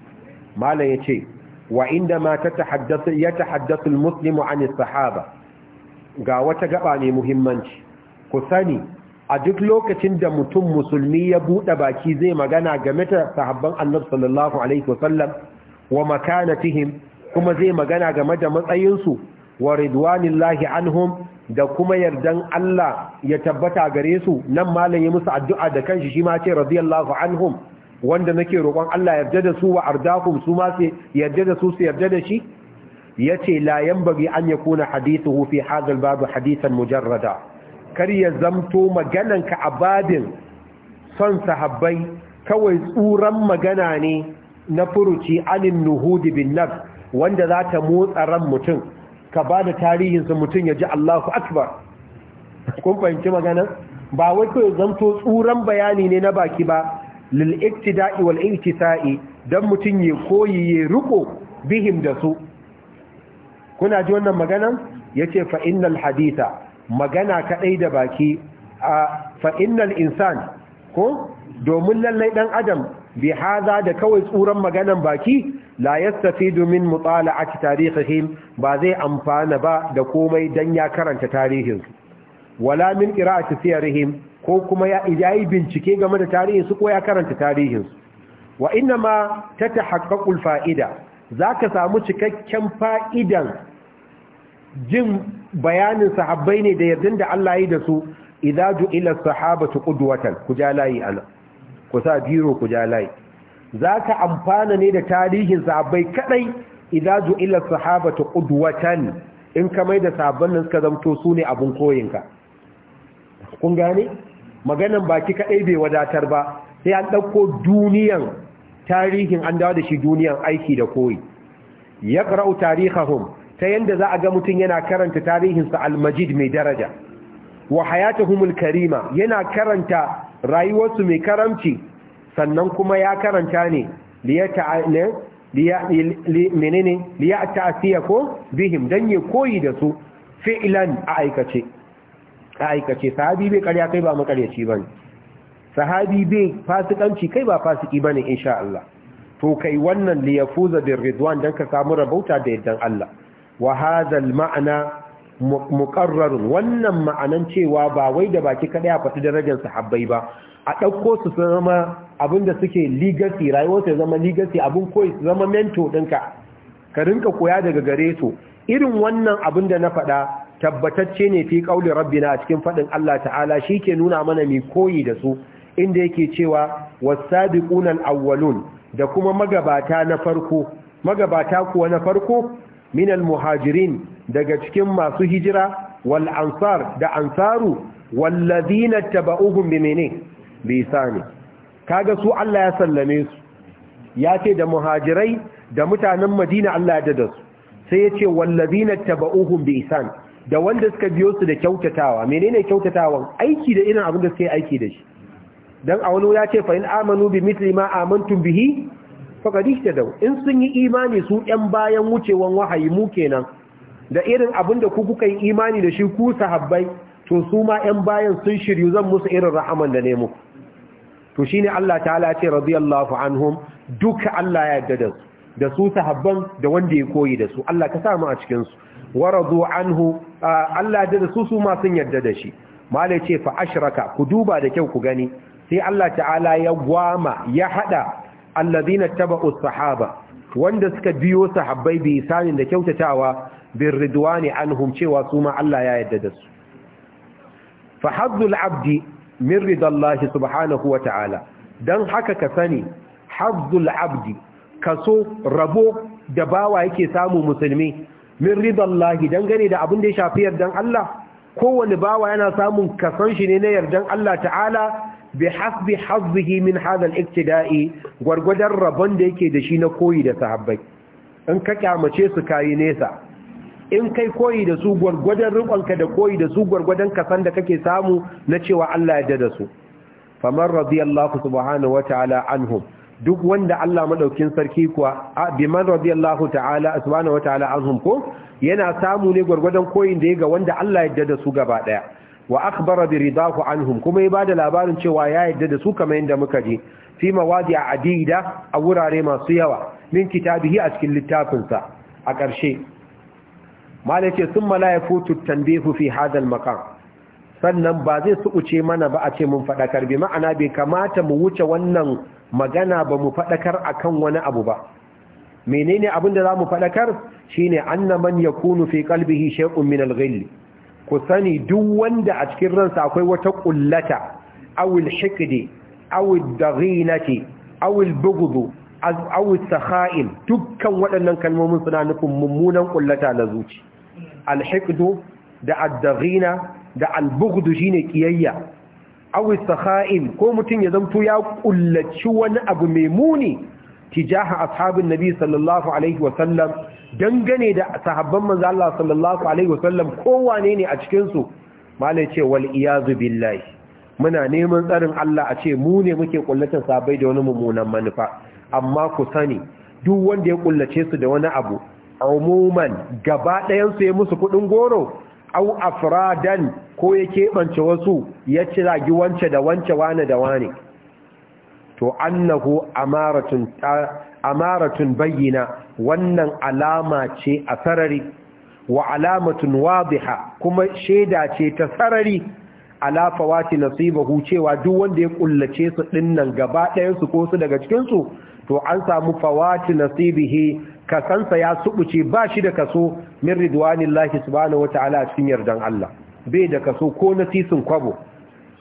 malam yace wa inda ma tatahaddathu yatahaddathu al-muslimu an as-sahaba ga wata gaba ne muhimmanci ku sani a duk lokacin da mutum musulmi ya bude baki zai magana game da sahabban Annabi sallallahu alaihi wasallam wa makanatihim kuma zai magana game da matsayinsu wa ridwanillahi anhum da kuma yardan Allah ya tabbata gare su nan malam ya musu addu'a da kanshi shi ma ce radiyallahu anhum wanda nake roƙon Allah ya da su wa ardakum su ma yarda da su su yarda shi yace la yanbaghi an yakuna hadithuhu fi hadha bab hadithan mujarrada kar ya zamto maganarka a babin son sahabbai kawai tsuran magana ne na furuci anin nuhudi bin nafs wanda za ta motsa ran mutum ka ba da tarihinsa mutum ya ji Allahu Akbar kun fahimci magana ba wai kawai zamto tsuran bayani ne na baki ba lil iktida'i wal sa'i. dan mutum ya koyi ya riko bihim da su kuna ji wannan magana yace fa innal haditha magana kadai da baki a fa innal insan ko domin lallai dan adam bi hada da kawai tsuran maganan baki la yastafidu min mutala'ati tarihihim ba zai amfana ba da komai dan ya karanta tarihin su wala min qira'ati siyarihim ko kuma ya yi bincike game da tarihin su ko ya karanta tarihin su wa inna ma tatahaqqaqu fa'ida zaka samu cikakken fa'idan jin bayanin sahabbai ne da yardin da Allah ya yi da su idza ju'ila as-sahabatu qudwatan kujalayi ana ku sa biro ku ja layi za ka amfana ne da tarihin sahabbai kadai idan ju'ila sahabatu qudwatan in ka mai da sahabban nan suka zamto su ne abun koyinka kun gane maganan baki kadai bai wadatar ba sai an dauko duniyan tarihin an dawo da shi duniyan aiki da koyi yaqra'u tarihahum ta yanda za a ga mutun yana karanta tarihin sa al mai daraja wa hayatuhum karima yana karanta rayuwarsu mai karamci sannan kuma ya karanta ne liya ta'asiya ko bihim don yi koyi da su fi'ilan a aikace a aikace sahabi bai karya kai ba makaryaci ba ne sahabi bai fasikanci kai ba fasiki ba ne insha Allah to kai wannan liyafuza bin ridwan don ka samu rabauta da yadda Allah wa hazal ma'ana muƙarrarun wannan ma'anan cewa ba wai da baki kaɗai a faɗi darajar sahabbai ba a ɗauko su zama abin da suke ligasi, rayuwarsu ya zama ligasi, abin koyi su zama mento ɗinka ka rinka koya daga gare su irin wannan abin da na faɗa tabbatacce ne fi ƙauli rabbina a cikin faɗin Allah ta'ala shi ke nuna mana mai koyi da su inda yake cewa ƙunan awwalun da kuma magabata na farko magabata kuwa na farko minal muhajirin daga cikin masu hijira wal ansar da ansaru wallazina taba'uhum bimene bisani kaga su Allah ya sallame su ya ce da muhajirai da mutanen Madina Allah ya dada su sai ya ce wallazina taba'uhum bisan da wanda suka biyo su da kyautatawa menene kyautatawan aiki da irin abin da suka aiki da shi dan a wani ya ce fa in amanu bi mithli ma amantum bihi faqad ihtadaw in sun yi imani su ɗan bayan wucewan wahayi mu kenan da irin abin da ku kuka yi imani da shi ku sahabbai to su ma 'yan bayan sun shiryu zan musu irin rahaman da nemo to shine Allah ta'ala ce radiyallahu anhum duka Allah ya yarda da su sahabban da wanda ya koyi da su Allah ka samu a cikin su waradu anhu Allah da su su ma sun yarda da shi malai ce fa ashraka ku duba da kyau ku gani sai Allah ta'ala ya gwama ya hada alladhina taba'u sahaba wanda suka biyo sahabbai bi isanin da kyautatawa bin ridwani anhum cewa su ma Allah ya yarda da su fa abdi min ridallahi subhanahu wa ta'ala dan haka ka sani hazzul abdi kaso rabo da bawa yake samu musulmi min ridallahi dangane da abin da ya shafi yardan Allah kowane bawa yana samun kason shi ne na yardan Allah ta'ala bi hasbi hazzihi min hadha al-ibtida'i gwargwadon rabon da yake da shi na koyi da sahabbai in ka kyamace su kayi nesa in kai koyi da su gwargwadon rikonka da koyi da su gwargwadon kasan da kake samu na cewa Allah ya da su Famar radiyallahu subhanahu wataala anhum duk wanda Allah madaukin sarki kuwa biman radiyallahu ta'ala subhanahu wataala anhum ko yana samu ne gwargwadon koyin da ya ga wanda Allah ya da su gaba ɗaya? wa akhbara bi ridahu anhum kuma ya bada labarin cewa ya yadda da su kamar yadda muka ji fi mawadi'a adida a wurare masu yawa min kitabihi a cikin littafinsa a ƙarshe mala ce sun mala ya futu tambihu fi hadal makam sannan ba zai suɓuce mana ba a ce mun faɗakar bi ma'ana bai kamata mu wuce wannan magana ba mu faɗakar kan wani abu ba menene abin da za mu faɗakar shine annaman ya kunu fi qalbihi shay'un min al ku sani duk wanda a cikin ransa akwai wata kullata aw shikdi hikdi aw ad-daghinati aw al-bughd dukkan waɗannan kalmomin suna nufin mummunan kullata na zuci alhikdu da addaghina da albughdu shine kiyayya awi istakha'in ko mutum ya zanto ya kullaci wani abu mai muni tijaha ashabin nabi sallallahu alaihi wasallam dangane da sahabban manzo Allah sallallahu alaihi wasallam wane ne a cikin su malai ce wal iyazu billahi muna neman tsarin Allah a ce mu ne muke kullatan sabai da wani mummunan manufa amma ku sani duk wanda ya kullace su da wani abu umuman gaba ɗayan su ya musu kuɗin goro au afradan ko ya keɓance wasu ya ci ragi wance da wance wane da wane to annahu amaratun amaratun bayyana wannan alama ce a sarari wa alamatun wadiha kuma shaida ce ta sarari ala fawati nasibahu cewa duk wanda ya kullace su dinnan gaba ɗayan su ko su daga cikinsu, to an samu fawati nasibihi kasansa ya subuce ba shi da kaso min ridwanillahi subhanahu wataala a cikin yardan Allah bai da kaso ko na sisin kwabo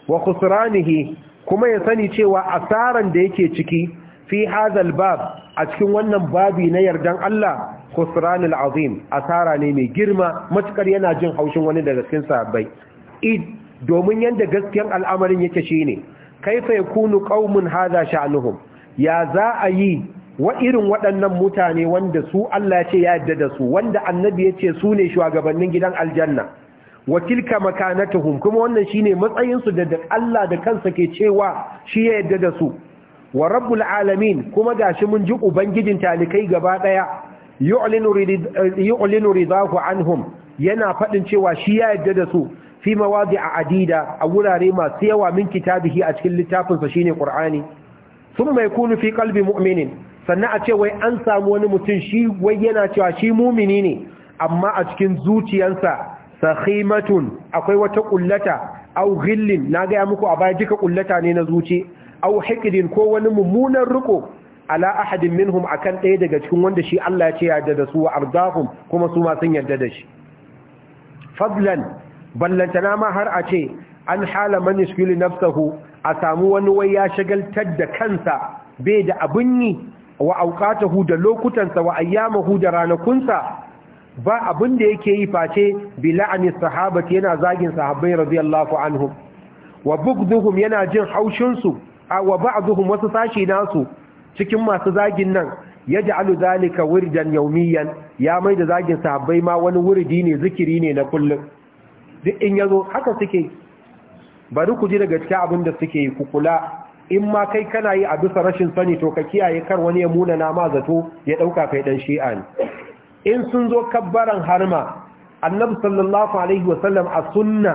wa khusranihi kuma ya sani cewa asaran da yake ciki fi hadal bab a cikin wannan babi na yardan Allah khusranul azim asara ne mai girma matukar yana jin haushin wani daga cikin sahabbai id domin yanda gaskiyan al'amarin yake shine kaifa yakunu qaumun hadha sha'nuhum ya za a yi wa irin waɗannan mutane wanda su Allah ce ya yadda da su wanda annabi ya ce su ne shugabannin gidan aljanna wa tilka makanatuhum kuma wannan shine matsayin su da Allah da kansa ke cewa shi ya yadda da su wa rabbul alamin kuma gashi mun ji ubangijin talikai gaba daya yu'linu ridahu anhum yana faɗin cewa shi ya yadda da su fi mawadi'a adida a wurare masu yawa min kitabihi a cikin littafinsa shine qur'ani sun mai kunu fi qalbi mu'minin sannan a ce wai an samu wani mutum shi wai yana cewa shi mumini ne amma a cikin zuciyansa sahimatun akwai wata kullata au ghillin na ga ya muku a baya duka kullata ne na zuci au hikdin ko wani mummunan riko ala ahadin minhum akan ɗaya daga cikin wanda shi Allah ya ce ya yarda da su wa ardahum kuma su ma sun yarda da shi fadlan ballantana ma har a ce an hala man yashghulu nafsahu a samu wani wai ya shagaltar da kansa bai da abin yi wa auqatahu da lokutansa wa ayyama ayyamahu da ranakunsa ba abin da yake yi face bi la'ani sahabat yana zagin sahabbai radiyallahu anhum wa bughdhum yana jin haushin su wa ba'dhum wasu sashi nasu cikin masu zagin nan yaj'alu zalika wirdan yawmiyan ya mai da zagin sahabbai ma wani wurdi ne zikiri ne na kullum duk in yazo haka suke bari ku ji daga cikin abin da suke ku kula in ma kai kana yi a bisa rashin sani to ka kiyaye kar wani ya muna ma zato ya ɗauka kai ɗan shi'a ne in sun zo kabbaran harma annabi sallallahu alaihi wasallam a sunna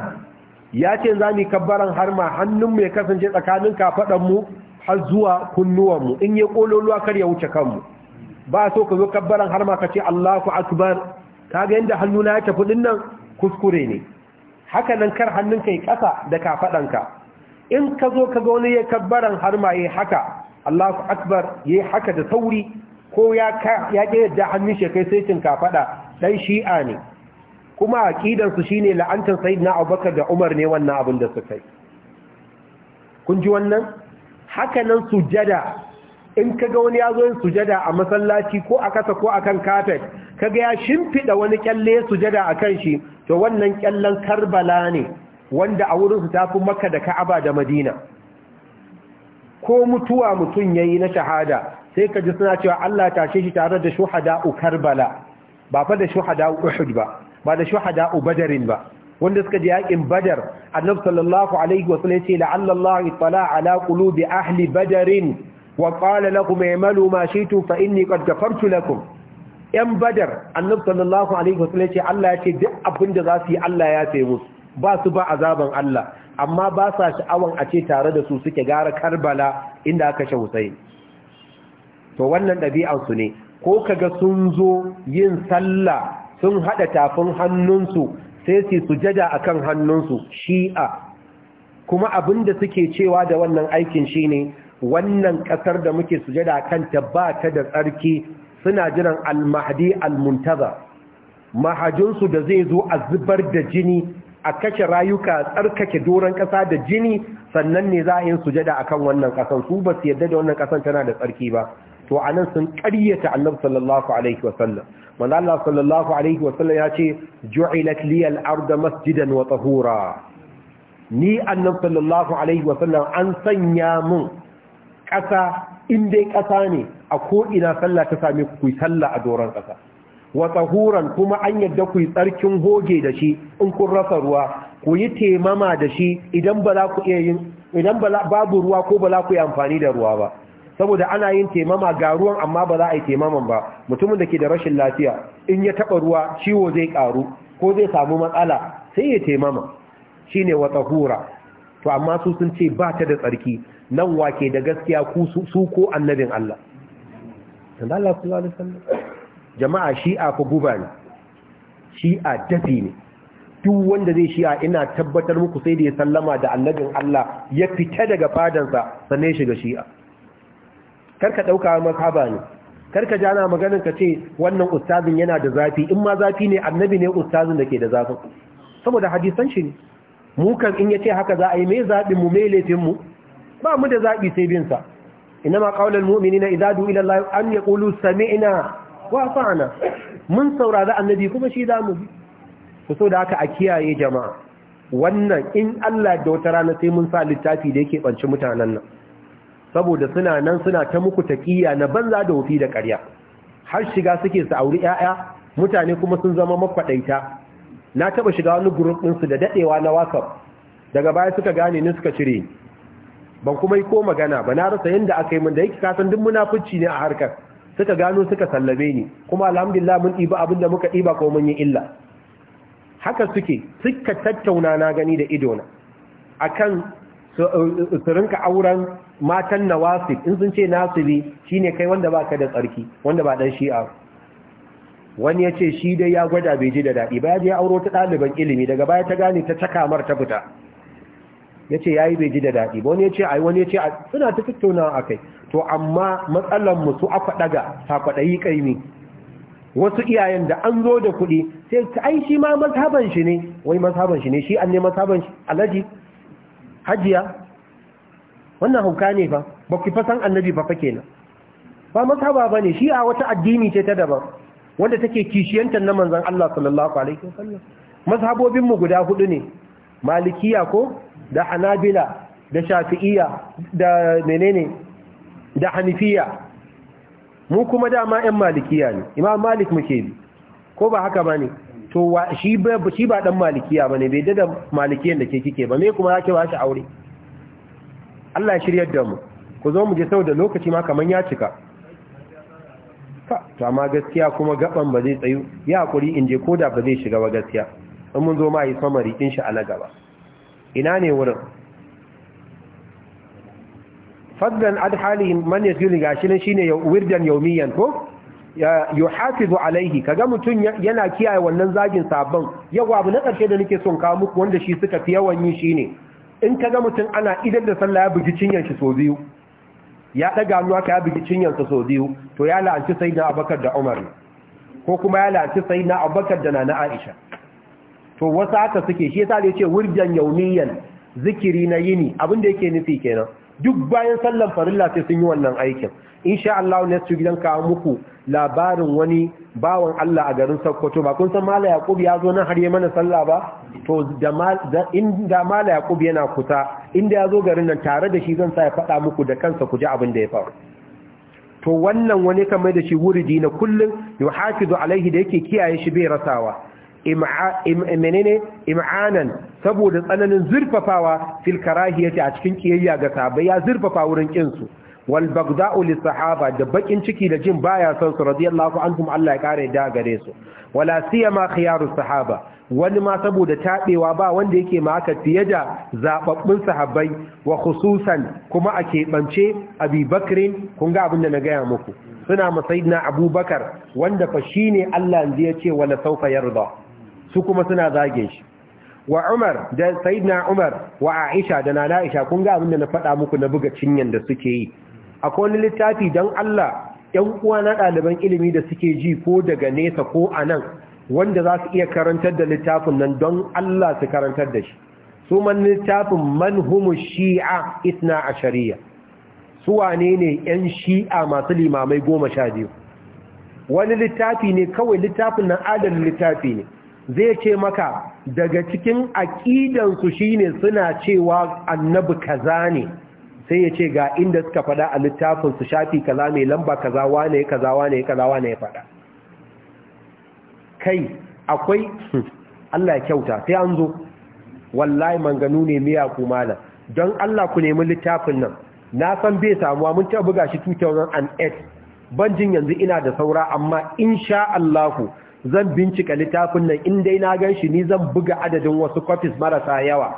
ya ce za mu kabbaran harma hannunmu ya kasance tsakanin mu har zuwa mu in ya ƙololuwa kar ya wuce kanmu ba so ka zo kabbaran harma ka ce allahu akbar ga yadda hannuna ya tafi ɗin kuskure ne haka nan kar hannunka ya ƙasa da ka. in ka zo ka ga wani ya kabbaran har ma yi haka Allahu akbar yi haka da sauri ko ya ya yadda hannun shi kai sai cin Ɗan dan shi'a ne kuma ƙidansu shi shine la'antar na Abubakar da Umar ne wannan abin da suka yi kun ji wannan haka nan sujada in ka wani ya zo yin sujada a masallaci ko a kasa ko a kan kafet ka ga ya shimfiɗa wani kyalle sujada a kan shi to wannan kyallen karbala ne wanda a wurinsu ta fi makka da ka'aba da madina ko mutuwa mutum yayi na shahada sai ka ji suna cewa Allah tashe shi tare da shuhada'u karbala ba fa da shuhada'u uhud ba ba da shuhada'u badarin ba wanda suka ji yakin badar annabi sallallahu alaihi wasallam yace la'alla Allah ala qulubi ahli badarin wa qala lahum i'malu ma shi'tum fa inni qad ghafartu lakum yan badar annabi sallallahu alaihi wasallam Allah yace duk abin da za su yi Allah ya sai musu ba su ba azaban Allah amma ba sa sha'awan a ce tare da su suke gara Karbala inda aka sha Hussein to wannan ɗabi'ansu ne ko kaga sun zo yin sallah sun haɗa tafin hannunsu sai su sujada akan hannunsu shi'a kuma abin da suke cewa da wannan aikin shine wannan ƙasar da muke sujada kan ta ba ta da tsarki suna jiran al-mahdi al-muntaza mahajinsu da zai zo a zubar da jini a kashe rayuka tsarkake doron ƙasa da jini sannan ne za a yin sujada kan wannan ƙasan su ba su yadda da wannan ƙasan tana da tsarki ba to a nan sun ƙaryata annab sallallahu alaihi wasallam manzo Allah sallallahu alaihi wasallam ya ce ju'ilat liyal arda masjidan wa tahura ni annab sallallahu alaihi wasallam an sanya mun ƙasa in dai ƙasa ne a ko ina sallah ta same ku ku sallah a doron ƙasa wa tsahuran kuma an yadda ku yi tsarkin hoge da shi in kun rasa ruwa ku yi temama da shi idan ba za ku iya yin babu ruwa ko ba za ku yi amfani da ruwa ba saboda ana yin temama ga ruwan amma ba za a yi temaman ba mutumin da ke da rashin lafiya in ya taba ruwa ciwo zai karu ko zai samu matsala sai ya temama shine wa tsahura to amma su sun ce ba ta da tsarki nan wake da gaskiya ku su ko annabin Allah jama'a shi'a ko guba ne shi'a dafi ne duk wanda zai shi'a ina tabbatar muku sai da ya sallama da annabin Allah ya fita daga fadansa sannan ya shiga shi'a karka dauka mazhaba ne karka ja na maganin ka ce wannan ustazin yana da zafi in ma zafi ne annabi ne ustazin da ke da zafin saboda hadisan shi ne mu kan in yace haka za a yi me zabin mu me laifin mu ba mu da zabi sai bin sa ma qaulul mu'minina idza du'ila Allah an yaqulu sami'na wa mun saurari annabi kuma shi zamu bi to so da haka a kiyaye jama'a wannan in Allah da wata rana sai mun sa littafi da yake banci mutanen nan saboda suna nan suna ta muku taqiya na banza da wufi da ƙarya har shiga suke su auri 'ya'ya, mutane kuma sun zama makwadaita na taba shiga wani group din su da dadewa na WhatsApp daga baya suka gane ni suka cire ban kuma yi ko magana ba na rasa yanda aka yi mun da yake kasan duk munafici ne a harkar suka gano suka sallame ni kuma alhamdulillah mun ɗiba abinda muka ɗiba ko mun yi illa haka suke suka tattauna na gani da idona akan su rinka auren matan nawasib in sun ce nasibi shine kai wanda baka da tsarki wanda ba dan shi'a wani ya ce shi dai ya gwada bai ji da daɗi ba ya je auro ta ɗaliban ilimi daga baya ta gane ta mar ta fita ya ce ya yi bai ji da daɗi ba wani ya ce a yi wani ya ce a suna ta tattaunawa a kai to amma matsalanmu su aka ɗaga sakwaɗayi ƙaimi wasu iyayen da an zo da kuɗi sai ta ai shi ma mazhaban shi ne wai mazhaban shi ne shi an ne mazhaban shi alaji hajiya wannan hauka ne fa ba ku fasan annabi ba fa kenan ba mazhaba ba ne shi a wata addini ce ta daban wanda take kishiyantar na manzon Allah sallallahu alaihi wasallam mazhabobin mu guda hudu ne malikiya ko da hanabila da shafi'iya, da menene da hanifiya mu kuma dama 'yan malikiya ne imam malik muke bi ko ba haka ba ne to shi ba dan malikiya ba ne bai da malikiyan da ke kike ba me kuma yake ba shi aure Allah ya shiryar da mu ku zo mu je sau da lokaci ma kaman ya cika to amma gaskiya kuma gaban ba zai tsayu ya hakuri in je koda ba zai shiga ba gaskiya in mun zo ma yi samari insha Allah gaba ina ne wurin fadlan adhalihim man yasjud gashi nan shine wirdan yawmiyan ko yuhafizu alaihi kaga mutun yana kiyaye wannan zagin sabon yau abu na karshe da nake son kawo muku wanda shi suka fi yawan yi shine in kaga mutun ana idan da sallah ya bugi cinyan shi so biyu ya daga hannu aka ya bugi cinyan sa so biyu to ya la'anci sayyidina Abubakar da Umar ko kuma ya la'anci sayyidina Abubakar da Nana Aisha to wasu haka suke shi yasa da yace wurjan yaumiyan zikiri na yini abin da yake nufi kenan duk bayan sallan farilla sai sun yi wannan aikin insha Allah ne su gidan ka muku labarin wani bawan Allah a garin Sokoto ba kun san Malam Yakub ya zo nan har yi mana sallah ba to da inda Malam Yakub yana kusa inda ya zo garin nan tare da shi zan sa ya faɗa muku da kansa ku ji abin da ya faru to wannan wani kamar da shi wuridi na kullum yuhafizu alaihi da yake kiyaye shi bai rasawa menene im'anan saboda tsananin zurfafawa fil karahiyati a cikin kiyayya ga sahaba ya zurfafa wurin kin su wal bagda'u lis sahaba da bakin ciki da jin baya son su radiyallahu anhum Allah ya kare da gare su wala siyama khiyaru sahaba wani ma saboda tabewa ba wanda yake ma haka fiye da sahabbai wa khususan kuma a keɓance Abi kunga kun ga abin da na gaya muku suna ma Abubakar wanda fa shine Allah ya ce wala saufa yarda su kuma suna zage shi wa Umar da Sayyidina Umar wa Aisha da na Aisha kun ga abin da na faɗa muku na buga cinyan da suke yi akwai wani littafi don Allah ɗan uwa na ɗaliban ilimi da suke ji ko daga nesa ko anan wanda za su iya karantar da littafin nan don Allah su karantar da shi su man littafin manhumu shi'a isna ashariya su wane ne ƴan shi'a masu limamai goma sha biyu wani littafi ne kawai littafin nan adalin littafi ne zai ce maka daga cikin aƙidansu ne suna cewa annabi kaza ne sai ya ce ga inda suka faɗa a littafin su shafi kaza mai lamba kaza wane kaza wane kaza wane ya faɗa kai akwai hmm, Allah ya kyauta sai an zo wallahi manganu ne miya kuma malam don Allah ku nemi littafin nan na san bai samuwa mun ta buga shi 2008 ban jin yanzu ina da saura amma insha Allah ku zan bincika littafin nan in dai na gan shi ni zan buga adadin wasu kwafis marasa yawa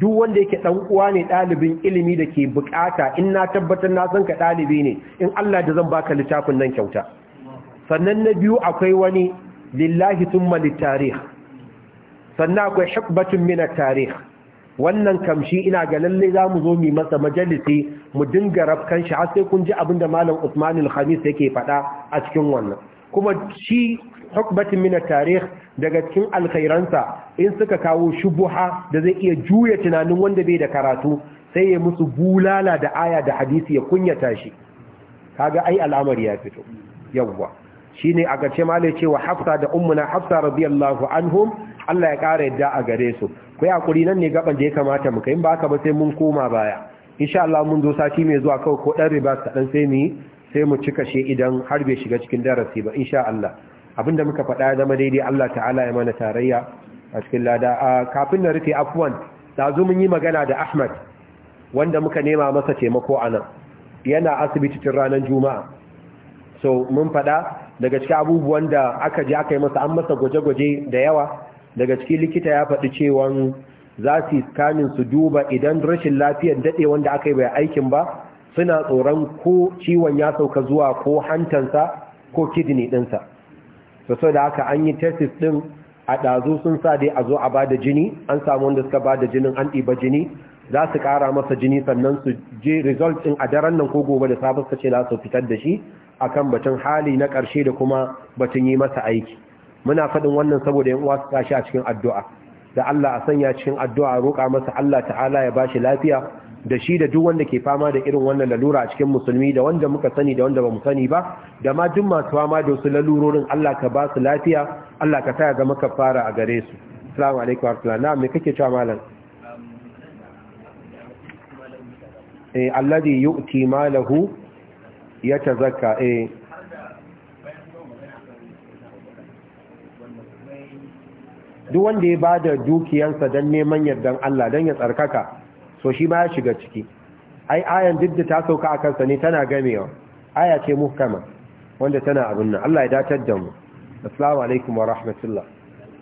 duk wanda yake dan uwa ne ɗalibin ilimi da ke bukata in na tabbatar na san ka ɗalibi ne in Allah da zan baka littafin nan kyauta sannan na biyu akwai wani lillahi thumma litarikh sannan akwai hukbatun mina tarih wannan kamshi ina ga lallai za mu zo mu masa majalisi mu dinga rafkan shi har sai kun ji abin da malam Usman khamis yake faɗa a cikin wannan kuma shi hukbatin mina tarih daga cikin alkhairansa in suka kawo shubuha da zai iya juya tunanin wanda bai da karatu sai ya musu bulala da aya da hadisi ya kunyata shi kaga ai al'amari ya fito yawwa shine a gace malai cewa hafsa da ummuna hafsa radiyallahu anhum Allah ya kara yadda a gare su ku hakuri nan ne gaban da ya kamata mu kai ba haka ba sai mun koma baya insha Allah mun zo sati mai zuwa kawai ko dan riba kadan sai mu sai mu cika shi idan har bai shiga cikin darasi ba insha Allah abinda muka faɗa zama daidai Allah ta'ala ya mana tarayya a cikin lada kafin na rufe afwan zo mun yi magana da Ahmad wanda muka nema masa taimako a nan yana asibiti tun ranar juma'a so mun faɗa daga cikin abubuwan da aka ji aka yi masa an masa gwaje-gwaje da yawa daga cikin likita ya faɗi cewan za su yi su duba idan rashin lafiyar daɗe wanda aka yi bai aikin ba suna tsoron ko ciwon ya sauka zuwa ko hantansa ko kidini ɗinsa so so da haka an yi testis ɗin a ɗazu sun sa dai a zo a bada jini an samu wanda suka bada jinin an ɗiba jini za su ƙara masa jini sannan su je result ɗin a daren nan ko gobe da safe suka ce za su fitar da shi akan batun hali na ƙarshe da kuma batun yi masa aiki muna faɗin wannan saboda yan uwa su tashi a cikin addu'a da Allah a sanya cikin addu'a roƙa masa Allah ta'ala ya bashi lafiya da shi da duk wanda ke fama da irin wannan lalura a cikin musulmi da wanda muka sani da wanda ba mu sani ba da ma duk masu fama da wasu lalurorin Allah ka ba su lafiya Allah ka sa ya zama kafara a gare su assalamu alaikum warahmatullahi na me kake cewa malam eh alladhi yu'ti malahu yatazakka eh duk wanda ya bada dukiyansa don neman yardan Allah don ya tsarkaka so shi ma ya shiga ciki ai ayan duk ta sauka a kansa ne tana gamewa aya ce muhkama wanda tana abin nan Allah ya datar da mu assalamu alaikum wa rahmatullah